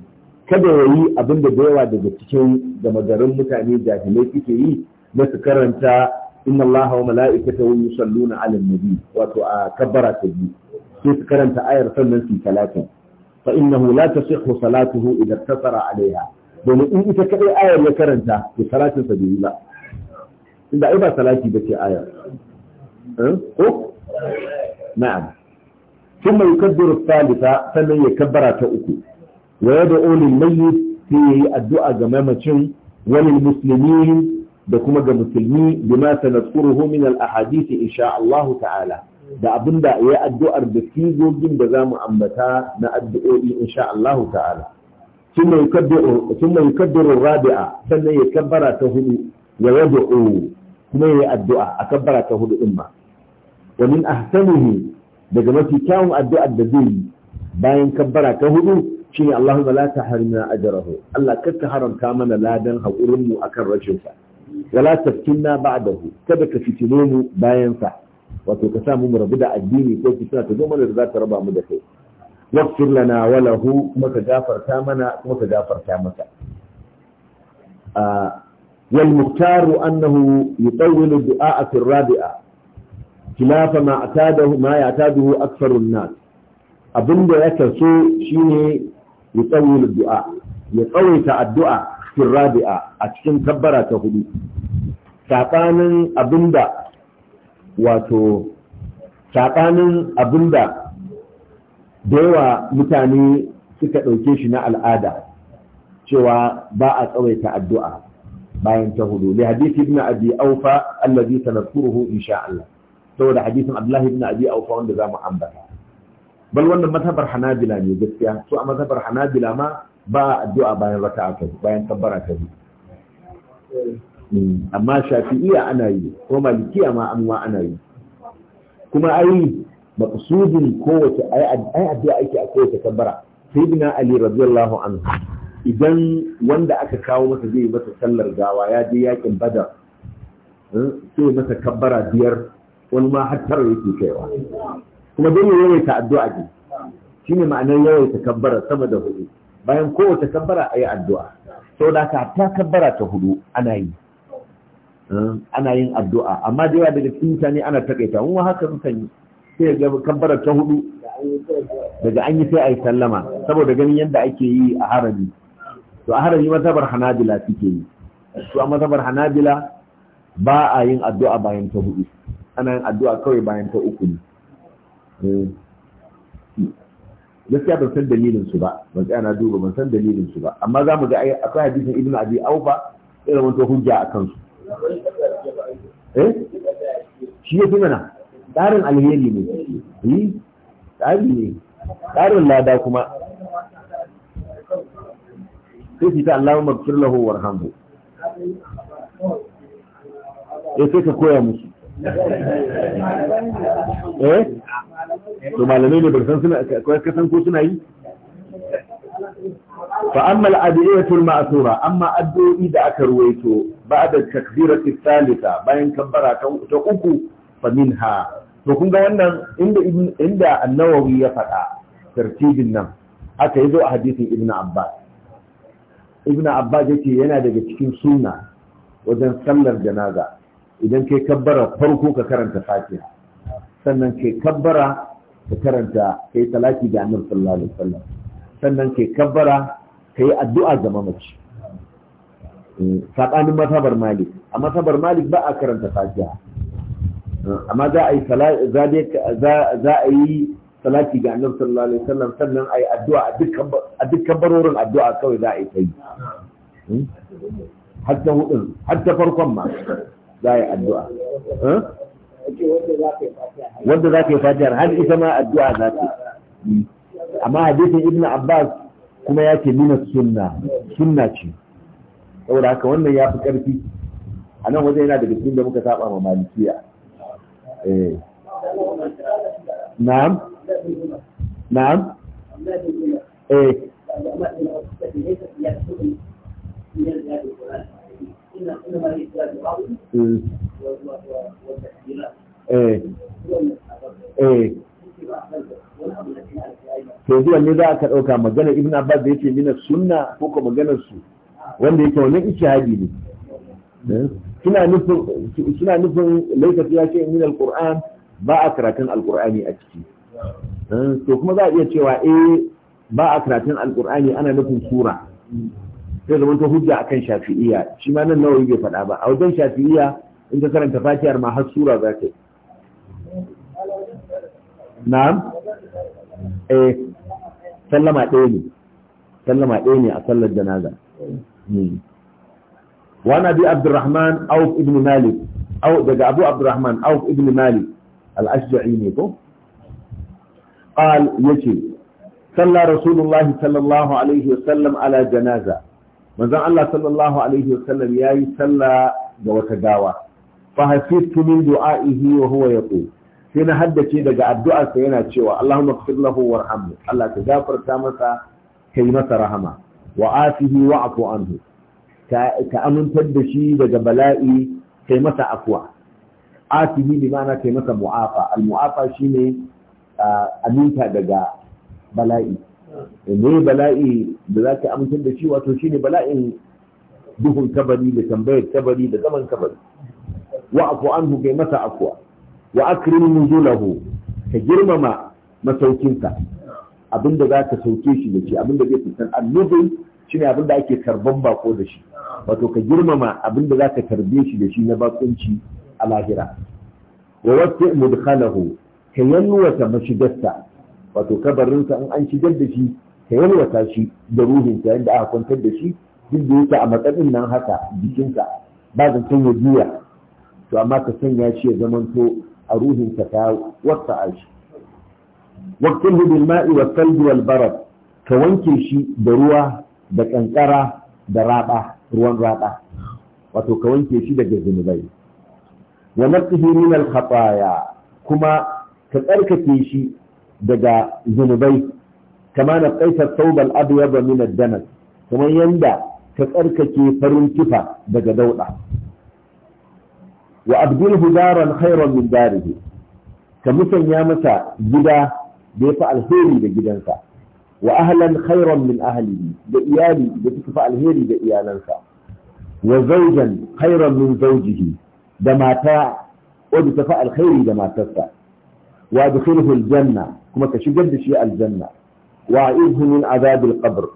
kada ya yi abin da yawa daga cikin gama mutane jahilai suke yi na su karanta inna allaha wa mala'ikatahu yusalluna 'alan nabi wato a kabbara ta biyu sai su karanta ayar sannan su talatin fa innahu la tasihhu salatuhu idza tasara 'alayha domin in ita kadai ayar ya karanta to salatin sa bai ba inda ai ba salati bace ayar eh, ko na'am ثم يكبر الثالثة sannan ya kabbara ta uku. wa yad'u lil mayyit sai yayi addu'a ga mamacin wani Musulmi da kuma ga musulmi na sanadkuruhu min al a insha Allah ta'ala da abinda yayi addu'ar da sigogin da zamu ambata na addu'o'i insha Allah ta'ala ثم يكبر ثم يكبر الرابعة ثم يكبر تهدو ويدعو ثم الدعاء أكبر تهدو إما ومن أحسنه daga mafi kyawun addu'ar da zai bayan kabbara ta hudu allah Allahumma la tahrimna ajrahu Allah kar ka haramta mana ladan haƙurin mu akan rashin sa wala taftinna ba'dahu kada ka fitine mu bayan sa wato ka samu mu rabu da addini ko fitina ta zo mana da za ta raba mu da kai waghfir lana wa lahu kuma ka gafarta mana kuma ka gafarta masa wal muhtaru annahu yutawwilu du'a fi rabi'a خلاف ما اعتاده ما يعتاده اكثر Nas. abinda ya so shine yutawwilu du'a ya tsawaita addu'a fi rabi'a a cikin kabbara ta hudu sabanin abinda wato sabanin abinda da yawa mutane suka ɗauke shi na al'ada cewa ba a tsawaita addu'a bayan ta hudu li hadisi ibn abi aufa allazi sanadkuruhu insha Allah saboda hadisin Abdullah ibn abi aufa wanda za mu ambata bal wannan mazhabar hanabila ne gaskiya su a mazhabar hanabila ma ba addu'a bayan raka'a ta bayan tabbara ta hmm, amma shafi'iya ana yi ko malikiya ma an ana yi kuma ai maqsudin kowace ai addu'a ake a kowace tabbara sayyidina ali radiyallahu anhu idan wanda aka kawo masa zai masa sallar gawa ya je yakin badar hmm, sai masa kabbara biyar wani ma har tara yake kaiwa kuma dai ya yawaita addu'a ne shine ma'anar yawaita kabbara sama da hudu bayan kowace kabbara yi addu'a da haka ta kabbara ta hudu ana yi hmm, ana yin addu'a amma da yawa daga cikin mutane ana takaita mun haka mukan yi sai ga kabbara ta hudu daga an yi sai ayi sallama saboda ganin yadda ake yi a harami to a harami mazhabar hanabila suke yi to a mazhabar hanabila ba a yin addu'a bayan ta hudu ana yin addu'a kawai bayan ta uku ne gaskiya ban san dalilin su ba ban tsaya na duba ban san dalilin su ba amma za mu ga akwai hadisin ibnu abi auba irin wato hujja a kansu eh shi ya fi mana tsarin alheri ne yi eh? tsari ne tsarin lada kuma sai fita Allahun magfir lahu warhamhu eh sai ka koya musu eh to malamai ne san suna akwai kasan ko suna yi fa amma al-adiyatu al-ma'thura amma addu'i da aka ruwaito ba'da takbirati salisa bayan kabbara ta uku fa minha to kun ga wannan inda inda an ya faɗa tartibin nan aka yazo a hadisin ibnu abbas ibnu abbas yake yana daga cikin sunna wajen sallar janaza idan kai kabbara farko ka karanta fatiha sannan kai kabbara ka karanta kai talaki da annabi sallallahu alaihi wasallam sannan kai kabbara kai addu'a ga mamaci eh, sabanin masabar malik a masabar malik ba a karanta fatiha eh, amma za a yi za a yi salati ga annabi sallallahu alaihi wasallam sannan a yi addu'a a dukkan barorin addu'a kawai za a yi ta hmm? hatta hudun hatta farkon ma za a yi addu'a wanda za ka yi fatihar har ita ma addu'a za ta amma hadisin ibn abbas kuma ya ce nuna sunna sunna ce saboda haka wannan ya fi ƙarfi a nan wajen yana da cikin da muka saba ma malikiya eh. na'am na'am eh Eh. Eh. to zuwa ne za a ka ɗauka magana ibn abbas da yake mina sunna ko ko maganar su wanda yake wannan ijtihadi ne eh. suna nufin suna nufin laika fiya ce min alquran ba a karatun alqurani a ciki to kuma za a iya cewa eh ba a karatun alqurani ana nufin sura sai zama ta hujja akan shafi'iyya shi ma nan nawawi bai faɗa ba a wajen shafi'iyya in ka karanta fatiyar ma har sura za ta yi na'am eh sallama ɗaya ne sallama ɗaya ne a sallar janaza hmm. wa na bi abdurrahman auf ibn malik au daga abu abdurrahman auf ibn malik al-ashja'i ne ko قال يجي صلى رسول الله صلى الله عليه وسلم على جنازه manzon Allah sallallahu alaihi wasallam yayi sallah ga wata gawa fa hafiztu min du'aihi wa huwa yaqul sai na haddace daga addu'arsa yana cewa Allahumma ighfir lahu warhamhu Allah ka gafarta masa kai masa rahama wa afihi wa'fu anhu ka amintar da shi daga bala'i kai masa afwa afihi bi ma'ana kai masa mu'afa al mu'afa shine ah, aminta daga bala'i ne bala'i da za ka amincin da shi wato shi ne bala'in duhun kabari da tambayar kabari da zaman kabari wa afu anhu bai masa akuwa. wa akrim nuzulahu ka girmama masaukinka abinda za ka sauke shi da shi abinda zai fitan annubin ne abinda ake karban bako da shi wato ka girmama abinda za ka karbe shi da shi na bakunci a lahira wa wasu mudkhalahu ka yalwata mashigarsa wato kabarinsa in an shigar da shi ka yalwata shi da ruhin ta yadda aka kwantar da shi duk da yake a matsayin nan haka jikinsa ba zan sanya juya to amma ka sanya shi ya zamanto a ruhinsa ta wasa a shi waqtin bil ma'i wa thalbi wal ka wanke shi da ruwa da kankara da raba ruwan raba wato ka wanke shi daga zunubai wa nafsihi min al khataya kuma ka tsarkake shi daga zunubai kama na kaita saubal abyad min ad-danas kamar yanda ka tsarkake farin kifa daga dauda wa Abdul daran khairan min darihi ka musanya masa gida da yafi alheri da gidansa wa ahlan khairan min ahlihi da iyali da suka fi alheri da iyalansa wa zawjan khairan min zawjihi da mata wadda ta fi alheri da matarsa wa dukhilhu aljanna kuma ka shigar da shi aljanna wa a'idhu min azab alqabr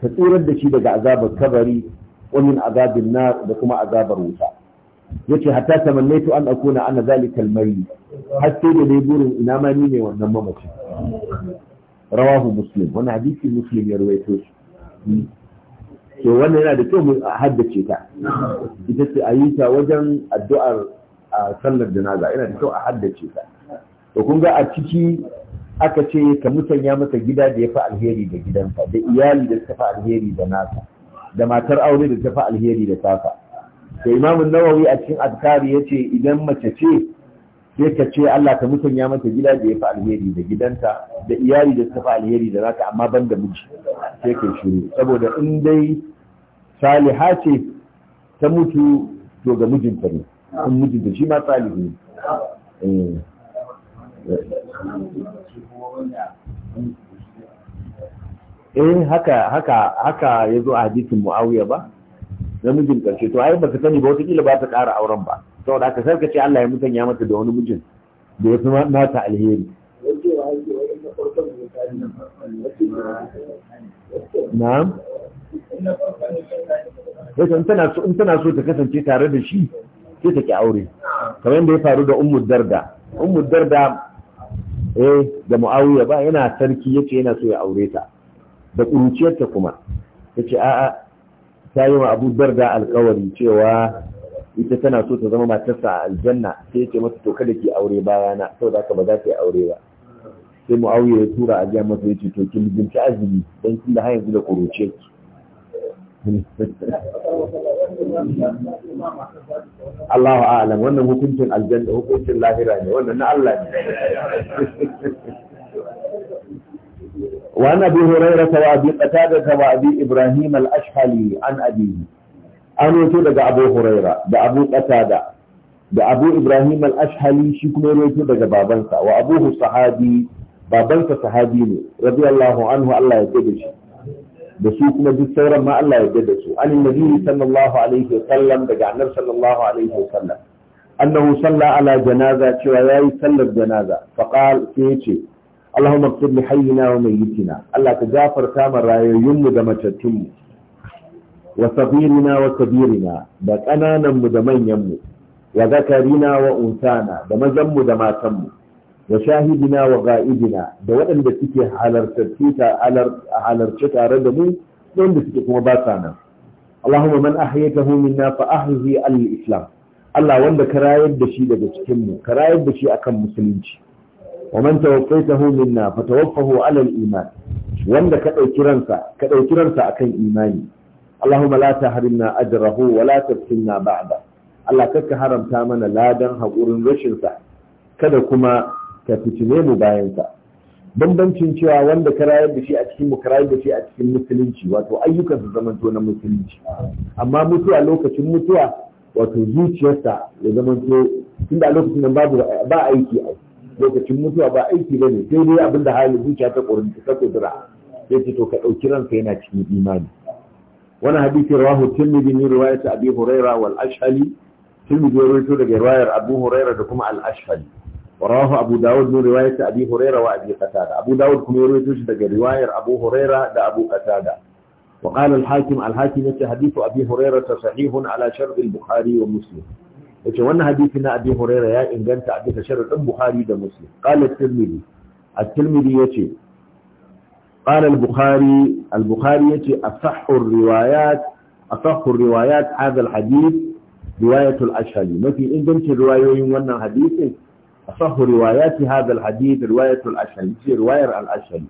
ka tsirar da shi daga azabar kabari wa min azab nar da kuma azabar wuta yace hatta tamannaitu an akuna ana zalika almayyit har da dai burin ina ma ni ne wannan mamaci rawahu muslim wannan hadisi muslim ya rawaito to wannan yana da kyau mu haddace ta ita ce a yi ta wajen addu'ar sallar janaza yana da kyau a haddace ka. to kun ga a ciki aka ce ka musanya masa gida da ya fi alheri da gidansa da iyali da ta fi alheri da nasa da matar aure da ta fi alheri da tasa da imamun nawawi a cikin azkari ya ce idan mace ce sai ka ce Allah ka musanya mata gida da ya fi alheri da gidanta da iyali da ta fi alheri da nata amma ban da miji sai ka shiru saboda in dai saliha ce ta mutu to ga mijinta ne in mijinta shi ma salihu ne eh. eh haka haka haka yazo a hadisin Muawiya ba namijin karshe to ai baka sani ba wata kila ba ta ƙara auren ba saboda haka sai ka ce Allah ya musanya mata da wani mijin da ya na ta alheri na'am sai in tana so in tana so ta kasance tare da shi sai ta ki aure kamar yadda ya faru da Ummu Darda Ummu Darda eh da muawiya ba yana sarki yace yana so ya aure ta da ƙuruciyarta kuma yace a'a ta yi wa Abu Darda alƙawari cewa ita tana so ta zama matarsa a aljanna sai yace mata to kada ki aure bayana saboda haka ba za ta yi aure ba sai muawiya ya tura a masa yace to kin binci azumi dan kin da har yanzu da kuruciyarki Allahu a'lam wannan hukuncin aljanna hukuncin lahira ne wannan na Allah ne wa an abi hurairah wa abi qatada wa abi ibrahim al an abi an wato daga abu hurairah da abu qatada da abu ibrahim al shi kuma rawaito daga babansa wa babansa sahabi ne radiyallahu anhu Allah ya da shi da su kuma duk sauran ma Allah ya da su an nabi sallallahu alaihi wa sallam daga annar sallallahu alaihi wa sallam annahu salla ala janaza cewa yayi sallar janaza fa qal sai yace Allahumma ighfir li hayyina wa mayyitina Allah ka gafarta mu rayoyin mu da matattun mu wa sabirina wa kabirina da kananan mu da manyan mu wa zakarina wa da mazan mu da matan mu wa shahidina wa ga'idina da waɗanda suke halarci tare da mu wanda suke kuma ba sa nan Allahumma man ahyaytahu minna fa ahyi al-islam Allah wanda ka rayar da shi daga cikin mu ka rayar da shi akan musulunci wa man tawaffaytahu minna fa tawaffahu ala al-iman wanda ka ɗauki ransa ka dauki ransa akan imani Allahumma la tahrimna ajrahu wa la tafsinna ba'da Allah kakka haramta mana ladan haƙurin rashin sa kada kuma ka fitine mu bayan ka bambancin cewa wanda ka rayar da shi a cikin mu ka rayar da shi a cikin musulunci wato ayyukan su to na musulunci amma mutuwa lokacin mutuwa wato zuciyarsa ya to tunda a lokacin nan babu ba aiki a lokacin mutuwa ba aiki ba ne sai dai abin da hali zuciya ta ƙorinta ta ƙudura sai ce to ka ɗauki ransa yana cikin imani wani hadisi rawahu tirmidhi min riwayat abi huraira wal ashhali tirmidhi ya rawaito daga riwayar abu huraira da kuma al ashhali ورواه أبو داود من رواية أبي هريرة وأبي قتادة أبو داود كم يروي تشد رواية أبو هريرة دا أبو قتادة وقال الحاكم الحاكم حديث أبي هريرة صحيح على شرط البخاري ومسلم yace wannan hadisi na Abi Huraira ya inganta a bisa sharadin Bukhari da Muslim qala at-Tirmidhi at-Tirmidhi yace yace asahhu riwayat asahhu ar riwayatul hadha al hadith mafi ingancin riwayoyin wannan hadisin أصح روايات هذا الحديث رواية الأشهري رواية الأشهري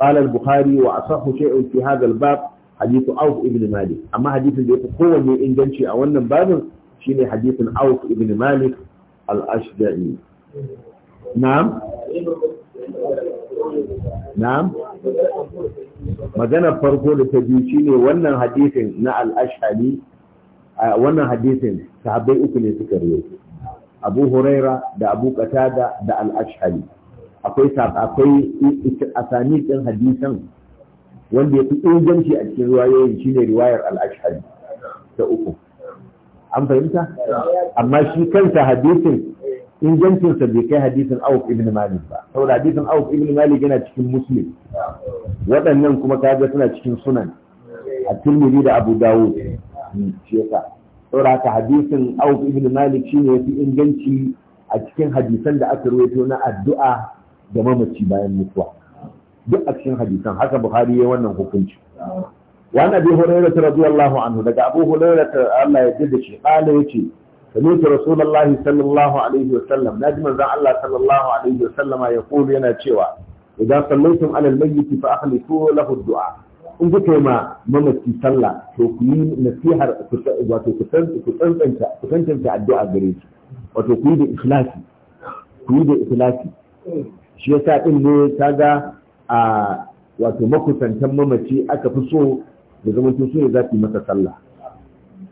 قال البخاري وأصح شيء في هذا الباب حديث أوف ابن مالك أما حديث اللي هو اللي إنجنشي أن باب شيني حديث أوف ابن مالك الأشجعي نعم نعم maganar farko da ta biyu shine wannan hadisin na al-ashhari wannan hadisin abu huraira da abu qatada da al-ashhari akwai akwai asani din hadisan wanda yafi inganci a cikin riwayoyin shine riwayar al-ashhari ta uku an fahimta amma shi kansa hadisin ingancinsa bai kai hadisin Auf ibn Malik ba saboda hadisin Auf ibn Malik yana cikin Muslim waɗannan kuma kaga suna cikin sunan a Tirmidhi da Abu Dawud hmm, shi yasa saboda ta hadisin Auf ibn Malik shine yafi inganci a cikin hadisan da aka rawaito na addu'a da mamaci bayan mutuwa duk a cikin hadisan haka Bukhari ya wannan hukunci wa Abi Hurairah radiyallahu anhu daga Abu Hurairah Allah ya yarda da shi kala yace سمعت رسول الله صلى الله عليه وسلم نجم ذا الله صلى الله عليه وسلم يقول ينا شوى إذا صليتم على الميت فأخلصوا له الدعاء in kuka yi ma mamaci sallah to ku yi nasihar wato ku addu'a gare shi wato ku yi da ikhlasi ku yi da ikhlasi shi yasa din ne ta ga a wato makusantan mamaci aka fi so da zamantin su ne za su yi masa sallah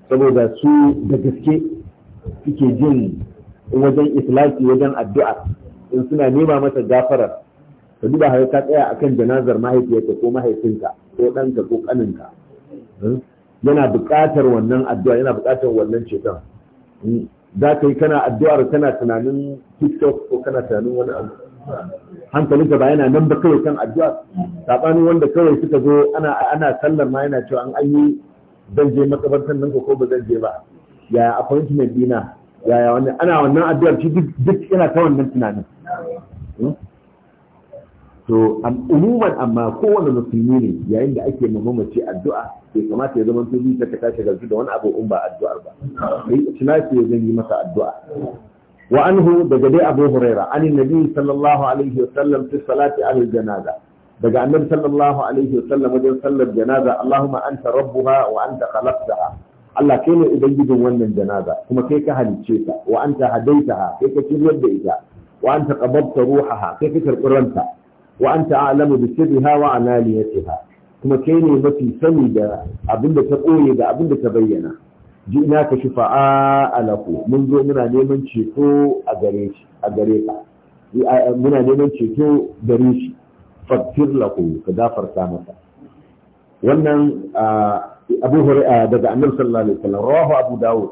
saboda su da gaske suke jin wajen ikhlasi wajen addu'a in suna nema masa gafarar ka duba har ka tsaya akan janazar mahaifiyarka ko mahaifinka ko ɗanka ko ƙaninka hmm? yana buƙatar wannan addu'a yana buƙatar wannan ceton hmm? za ka yi kana addu'ar kana tunanin tiktok ko kana tunanin wani abu hankalinka ba yana nan ba kawai kan addu'a saɓanin wanda kawai suka zo ana ana sallar ma yana cewa an an yi zan je makabartan nan ko ba zan je ba yaya appointment dina yaya wannan ana wannan addu'ar shi duk yana ta wannan tunanin hmm? to umuman amma kowane musulmi ne yayin da ake mamaci addu'a bai kamata ya zama tuni ta ta shagaltu da wani abu in ba addu'ar ba sai tunashi ya zan yi masa addu'a wa anhu daga dai Abu Huraira an annabi sallallahu alaihi wa sallam fi salati al janaza daga annabi sallallahu alaihi wa sallam wajen sallar janaza Allahumma anta rabbuha wa anta khalaqtaha Allah kai ne ubangijin wannan janaza kuma kai ka halicce ta wa anta hadaitaha kai ka shiryar da ita wa anta qabadta ruhaha kai ka karɓi ranta wa anta a'lamu bi sirriha wa alaniyatiha kuma kai ne mafi sani da abinda ta koye da abinda ta bayyana jina ka a alahu mun zo muna neman ceto a gare shi a gare ka muna neman ceto gare shi faghfir lahu ka gafarta masa wannan abu daga annabi sallallahu alaihi wasallam rawahu abu dawud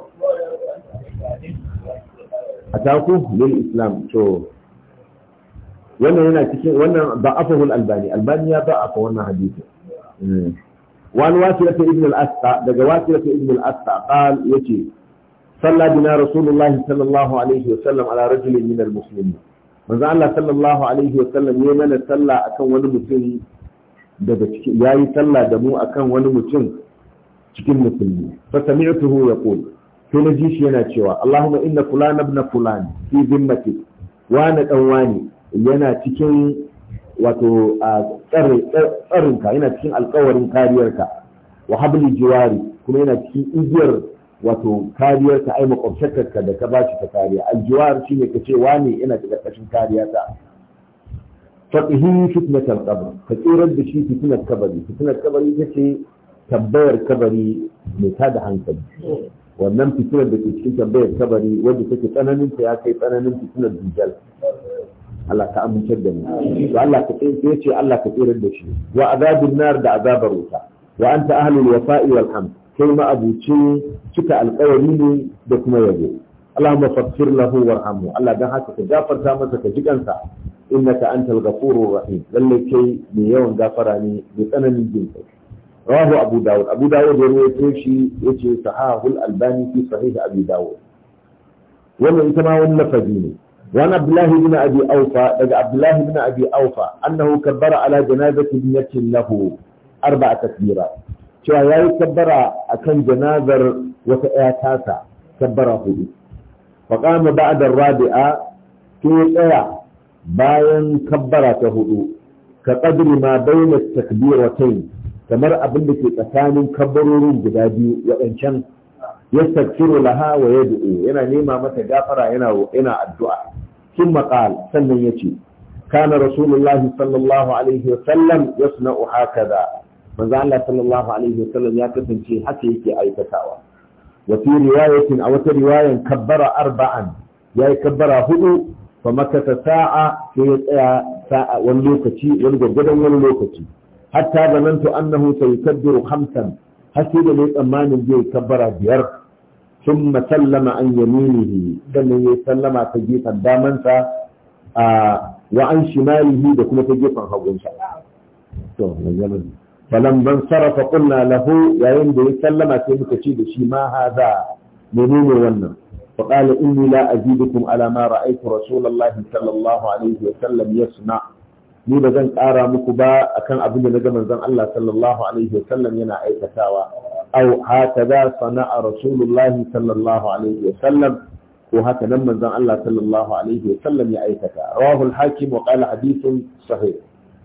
ataku lil islam to wannan yana cikin wannan da'afahu al-albani albani ya da'afa wannan hadisi وعن واسلة ابن الأسقى دقى واسلة ابن الأسقى قال يتي صلى بنا رسول الله صلى الله عليه وسلم على رجل من المسلمين manzo Allah sallallahu alaihi wa sallam ya mana sallah akan wani mutum daga cikin yayi sallah da mu akan wani mutum cikin musulmi fa sami'tuhu yaqul sai na ji shi yana cewa Allahumma inna fulan ibn fulan fi zimmati wa na yana cikin wato tsarinka yana cikin alkawarin kariyarka wa habli jiwari kuma yana cikin igiyar wato kariyarka ai makwabtakarka da ka ba shi ta kariya aljiwar shi ne ka ce wane yana da karkashin kariya ta faqihi fitnatul kabar ka tsirar da shi fitnatul kabari fitnatul kabari ce tambayar kabari mai tada hankali wannan fitilar da ke cikin tambayar kabari wadda take tsananinta ya kai tsananin fitilar dujal Allah ka amintar da mu to Allah ka ce Allah ka tsira da shi wa nar da azabar wuta wa anta ahlul wafa'i wal hamd kai ma abuce cika alƙawari ne da kuma yabo Allahumma faghfir lahu warhamhu Allah dan haka ka gafarta masa ka ji kansa innaka antal ghafurur rahim lalle kai mai yawan gafara ne mai tsananin jin kai abu dawud abu dawud ya rawaito shi yace sahahul albani fi sahih abi dawud wannan ita ma wannan lafazi ne وعن عبد الله بن أبي أوفى لقى عبد الله بن أبي أوفى أنه كبر على جنازة ابنة له أربع تكبيرات شو يا كبر أكن جنازة وتأتاسا كبره فقام بعد الرابعة في bayan kabbara ta hudu ka kadri ma bayna takbiratain kamar abin da ke tsakanin kabbarorin guda biyu waɗancan yastaghfiru laha wa yad'u yana nema mata gafara yana yana addu'a ثم قال سنن يتي كان رسول الله صلى الله عليه وسلم يصنع هكذا manzo Allah sallallahu alaihi wasallam ya kasance haka yake aikatawa wa fi riwayatin a wata riwayan kabbara arba'an ya yayi kabbara hudu fa makata sa'a sai ya tsaya sa'a wani lokaci wani gaggadan wani lokaci hatta zanantu annahu sayukabbiru khamsan har sai da mai tsammanin zai kabbara biyar ثم سلم عن يمينه sannan ya sallama ta gefen damansa a wa an da kuma ta gefen hagunsa to falan ban sarafa kunna lahu yayin da ya sallama sai muka ce da shi ma haza menene wannan fa qala inni la azidukum ala ma ra'aytu rasulullahi sallallahu alaihi wa sallam yasna ni ba zan kara muku ba akan abin na naga manzon Allah sallallahu alaihi wa sallam yana aikatawa أو هكذا صنع رسول الله صلى الله عليه وسلم وهكذا من ذا الله صلى الله عليه وسلم يأيتك رواه الحاكم وقال حديث صحيح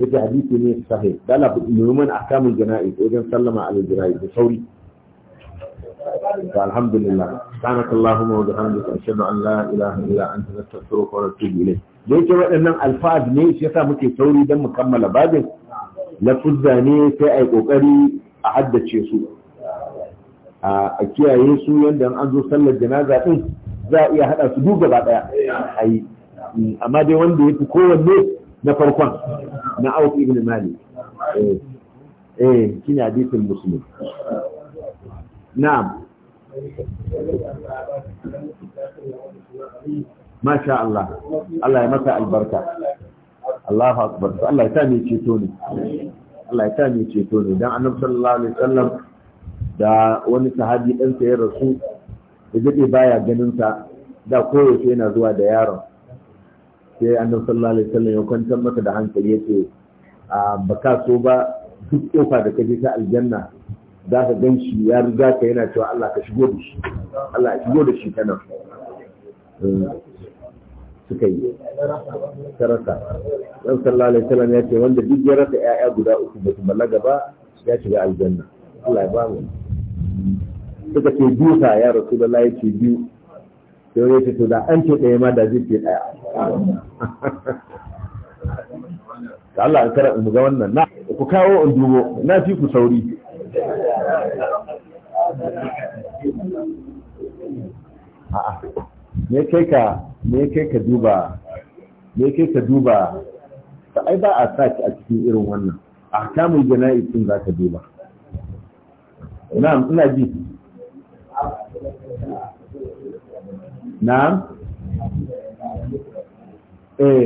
هذا حديث صحيح ده من أحكام الجنائز إذا سلم على الجنائز بصوري الحمد لله سبحانك اللهم وبحمدك أشهد أن لا إله إلا أنت نستغفرك ونتوب إليك da yake waɗannan alfa'ad ne shi yasa muke sauri don mu kammala babin lafuzza ne sai a yi ƙoƙari a haddace su a kiyaye su yadda an zo sallar janaza din za a iya haɗa su duk gaba ɗaya a yi amma dai wanda ya fi kowanne na farkon na auki ibn mali eh, eh shine hadisin muslim na'am masha Allah Allah ya masa albarka Allahu akbar Allah ya ta mai ceto ne Allah ya ta mai ceto ne don annabi sallallahu alaihi wasallam da wani sahabi ɗansa ya rasu da daɗe baya ganin sa da koyaushe yana zuwa da yaron sai annabi sallallahu alaihi wasallam ya kwantar maka da hankali yace a baka so ba duk kofa da kaje ta aljanna za ka gan shi ya riga ka yana cewa Allah ka shigo da shi Allah ya shigo da shi ta nan eh, suka yi ta rasa ɗan sallallahu alaihi wasallam ya ce wanda duk ya rasa 'ya'ya guda uku ba su balaga ba ya shiga aljanna Allah ya ba mu suka ce biyu ka ya rasu da layi ce biyu sai ya ce to da an ce ɗaya ma da zai ce ɗaya da Allah an kara mu ga wannan na ku kawo in dubo na fi ku sauri me kai ka me kai ka duba me kai ka duba ai ba a saki a cikin irin wannan a kamun jana'i sun za ka duba na'am ina ji na eh. eh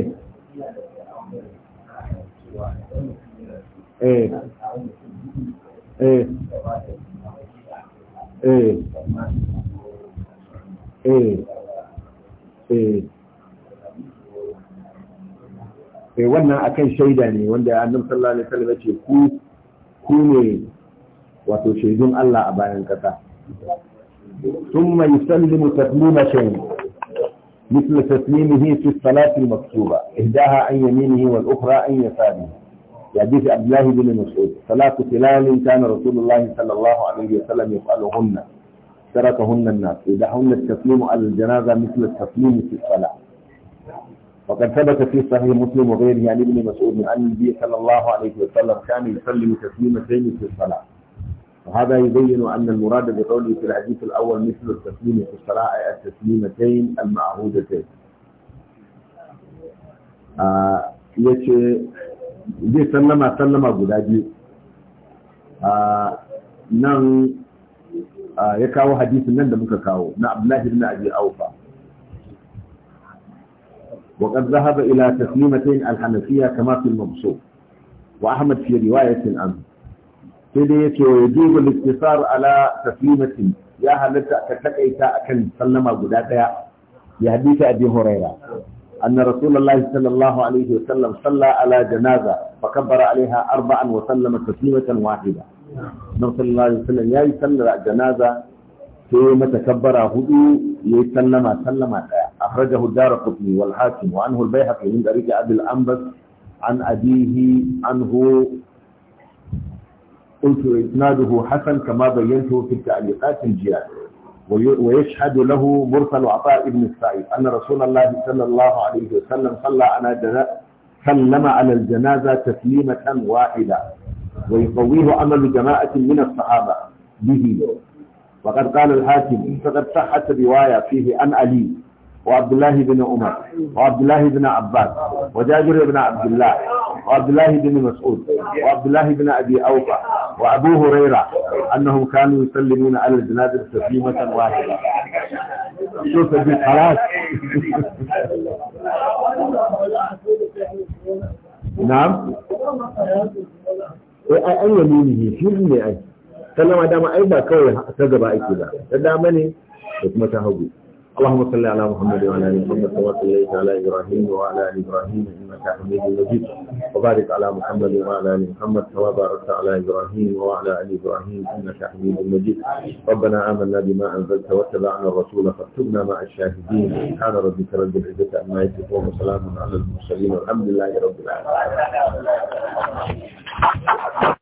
eh eh eh eh eh wannan akan shaida ne wanda annabi sallallahu alaihi wasallam ce ku ku ne wato shaidun Allah a bayan kasa ثم يسلم تسليمتين مثل تسليمه في الصلاة المكتوبة إحداها عن يمينه والأخرى عن يساره في عبد الله بن مسعود صلاة تلال كان رسول الله صلى الله عليه وسلم يفعلهن تركهن الناس يدعهن التسليم على الجنازة مثل التسليم في الصلاة وقد ثبت في صحيح مسلم وغيره عن ابن مسعود عن النبي صلى الله عليه وسلم كان يسلم تسليمتين في الصلاة وهذا يبين أن المراد بقوله في الحديث الأول مثل التسليم في الصلاة التسليمتين المعهودتين ااا zai sallama سلم guda biyu nan ya kawo يكاو حديث da muka كاو na abdullahi ibn ابي اوفى وقد ذهب إلى تسليمتين الحنفية كما في المبسوط وأحمد في رواية عنه sai dai yake wa yajibu al-iktisar ala taslimatin ya halatta ka takaita akan sallama guda daya ya hadisi abi huraira anna rasulullahi sallallahu alaihi wa sallam salla ala janaza fa kabbara alaiha arba'an wa sallama taslimatan wahida nabi sallallahu alaihi wa sallam yayi sallar janaza sai mata kabbara hudu yayi sallama sallama daya akhrajahu ad-darqutni wal hakim wa anhu al-bayhaqi min dariqi abi al-anbas an abihi anhu قلت إسناده حسن كما بينته في التعليقات الجياد ويشهد له مرسل عطاء بن السعيد أن رسول الله صلى الله عليه وسلم صلى على سلم على الجنازة تسليمة واحدة ويقويه أمل جماعة من الصحابة به وقد قال الحاكم فقد صحت رواية فيه عن علي وعبد الله بن عمر وعبد الله بن عباس وجابر بن عبد الله وعبد الله بن مسعود وعبد الله بن أبي أوفى وأبو هريرة أنهم كانوا يسلمون على الجنازة تسليمة واحدة شوف دي خلاص نعم إيه، اي an في ne اي كلمه دام اي dama كوي ba اي كذا دام ake ba اللهم صل على محمد وعلى ال محمد كما صليت على ابراهيم وعلى ال ابراهيم انك حميد مجيد وبارك على محمد وعلى ال محمد كما باركت على ابراهيم وعلى ال ابراهيم انك حميد مجيد ربنا امنا بما انزلت واتبعنا الرسول فاكتبنا مع الشاهدين سبحان ربك رب العزه عما يصفون وسلام على المرسلين والحمد لله رب العالمين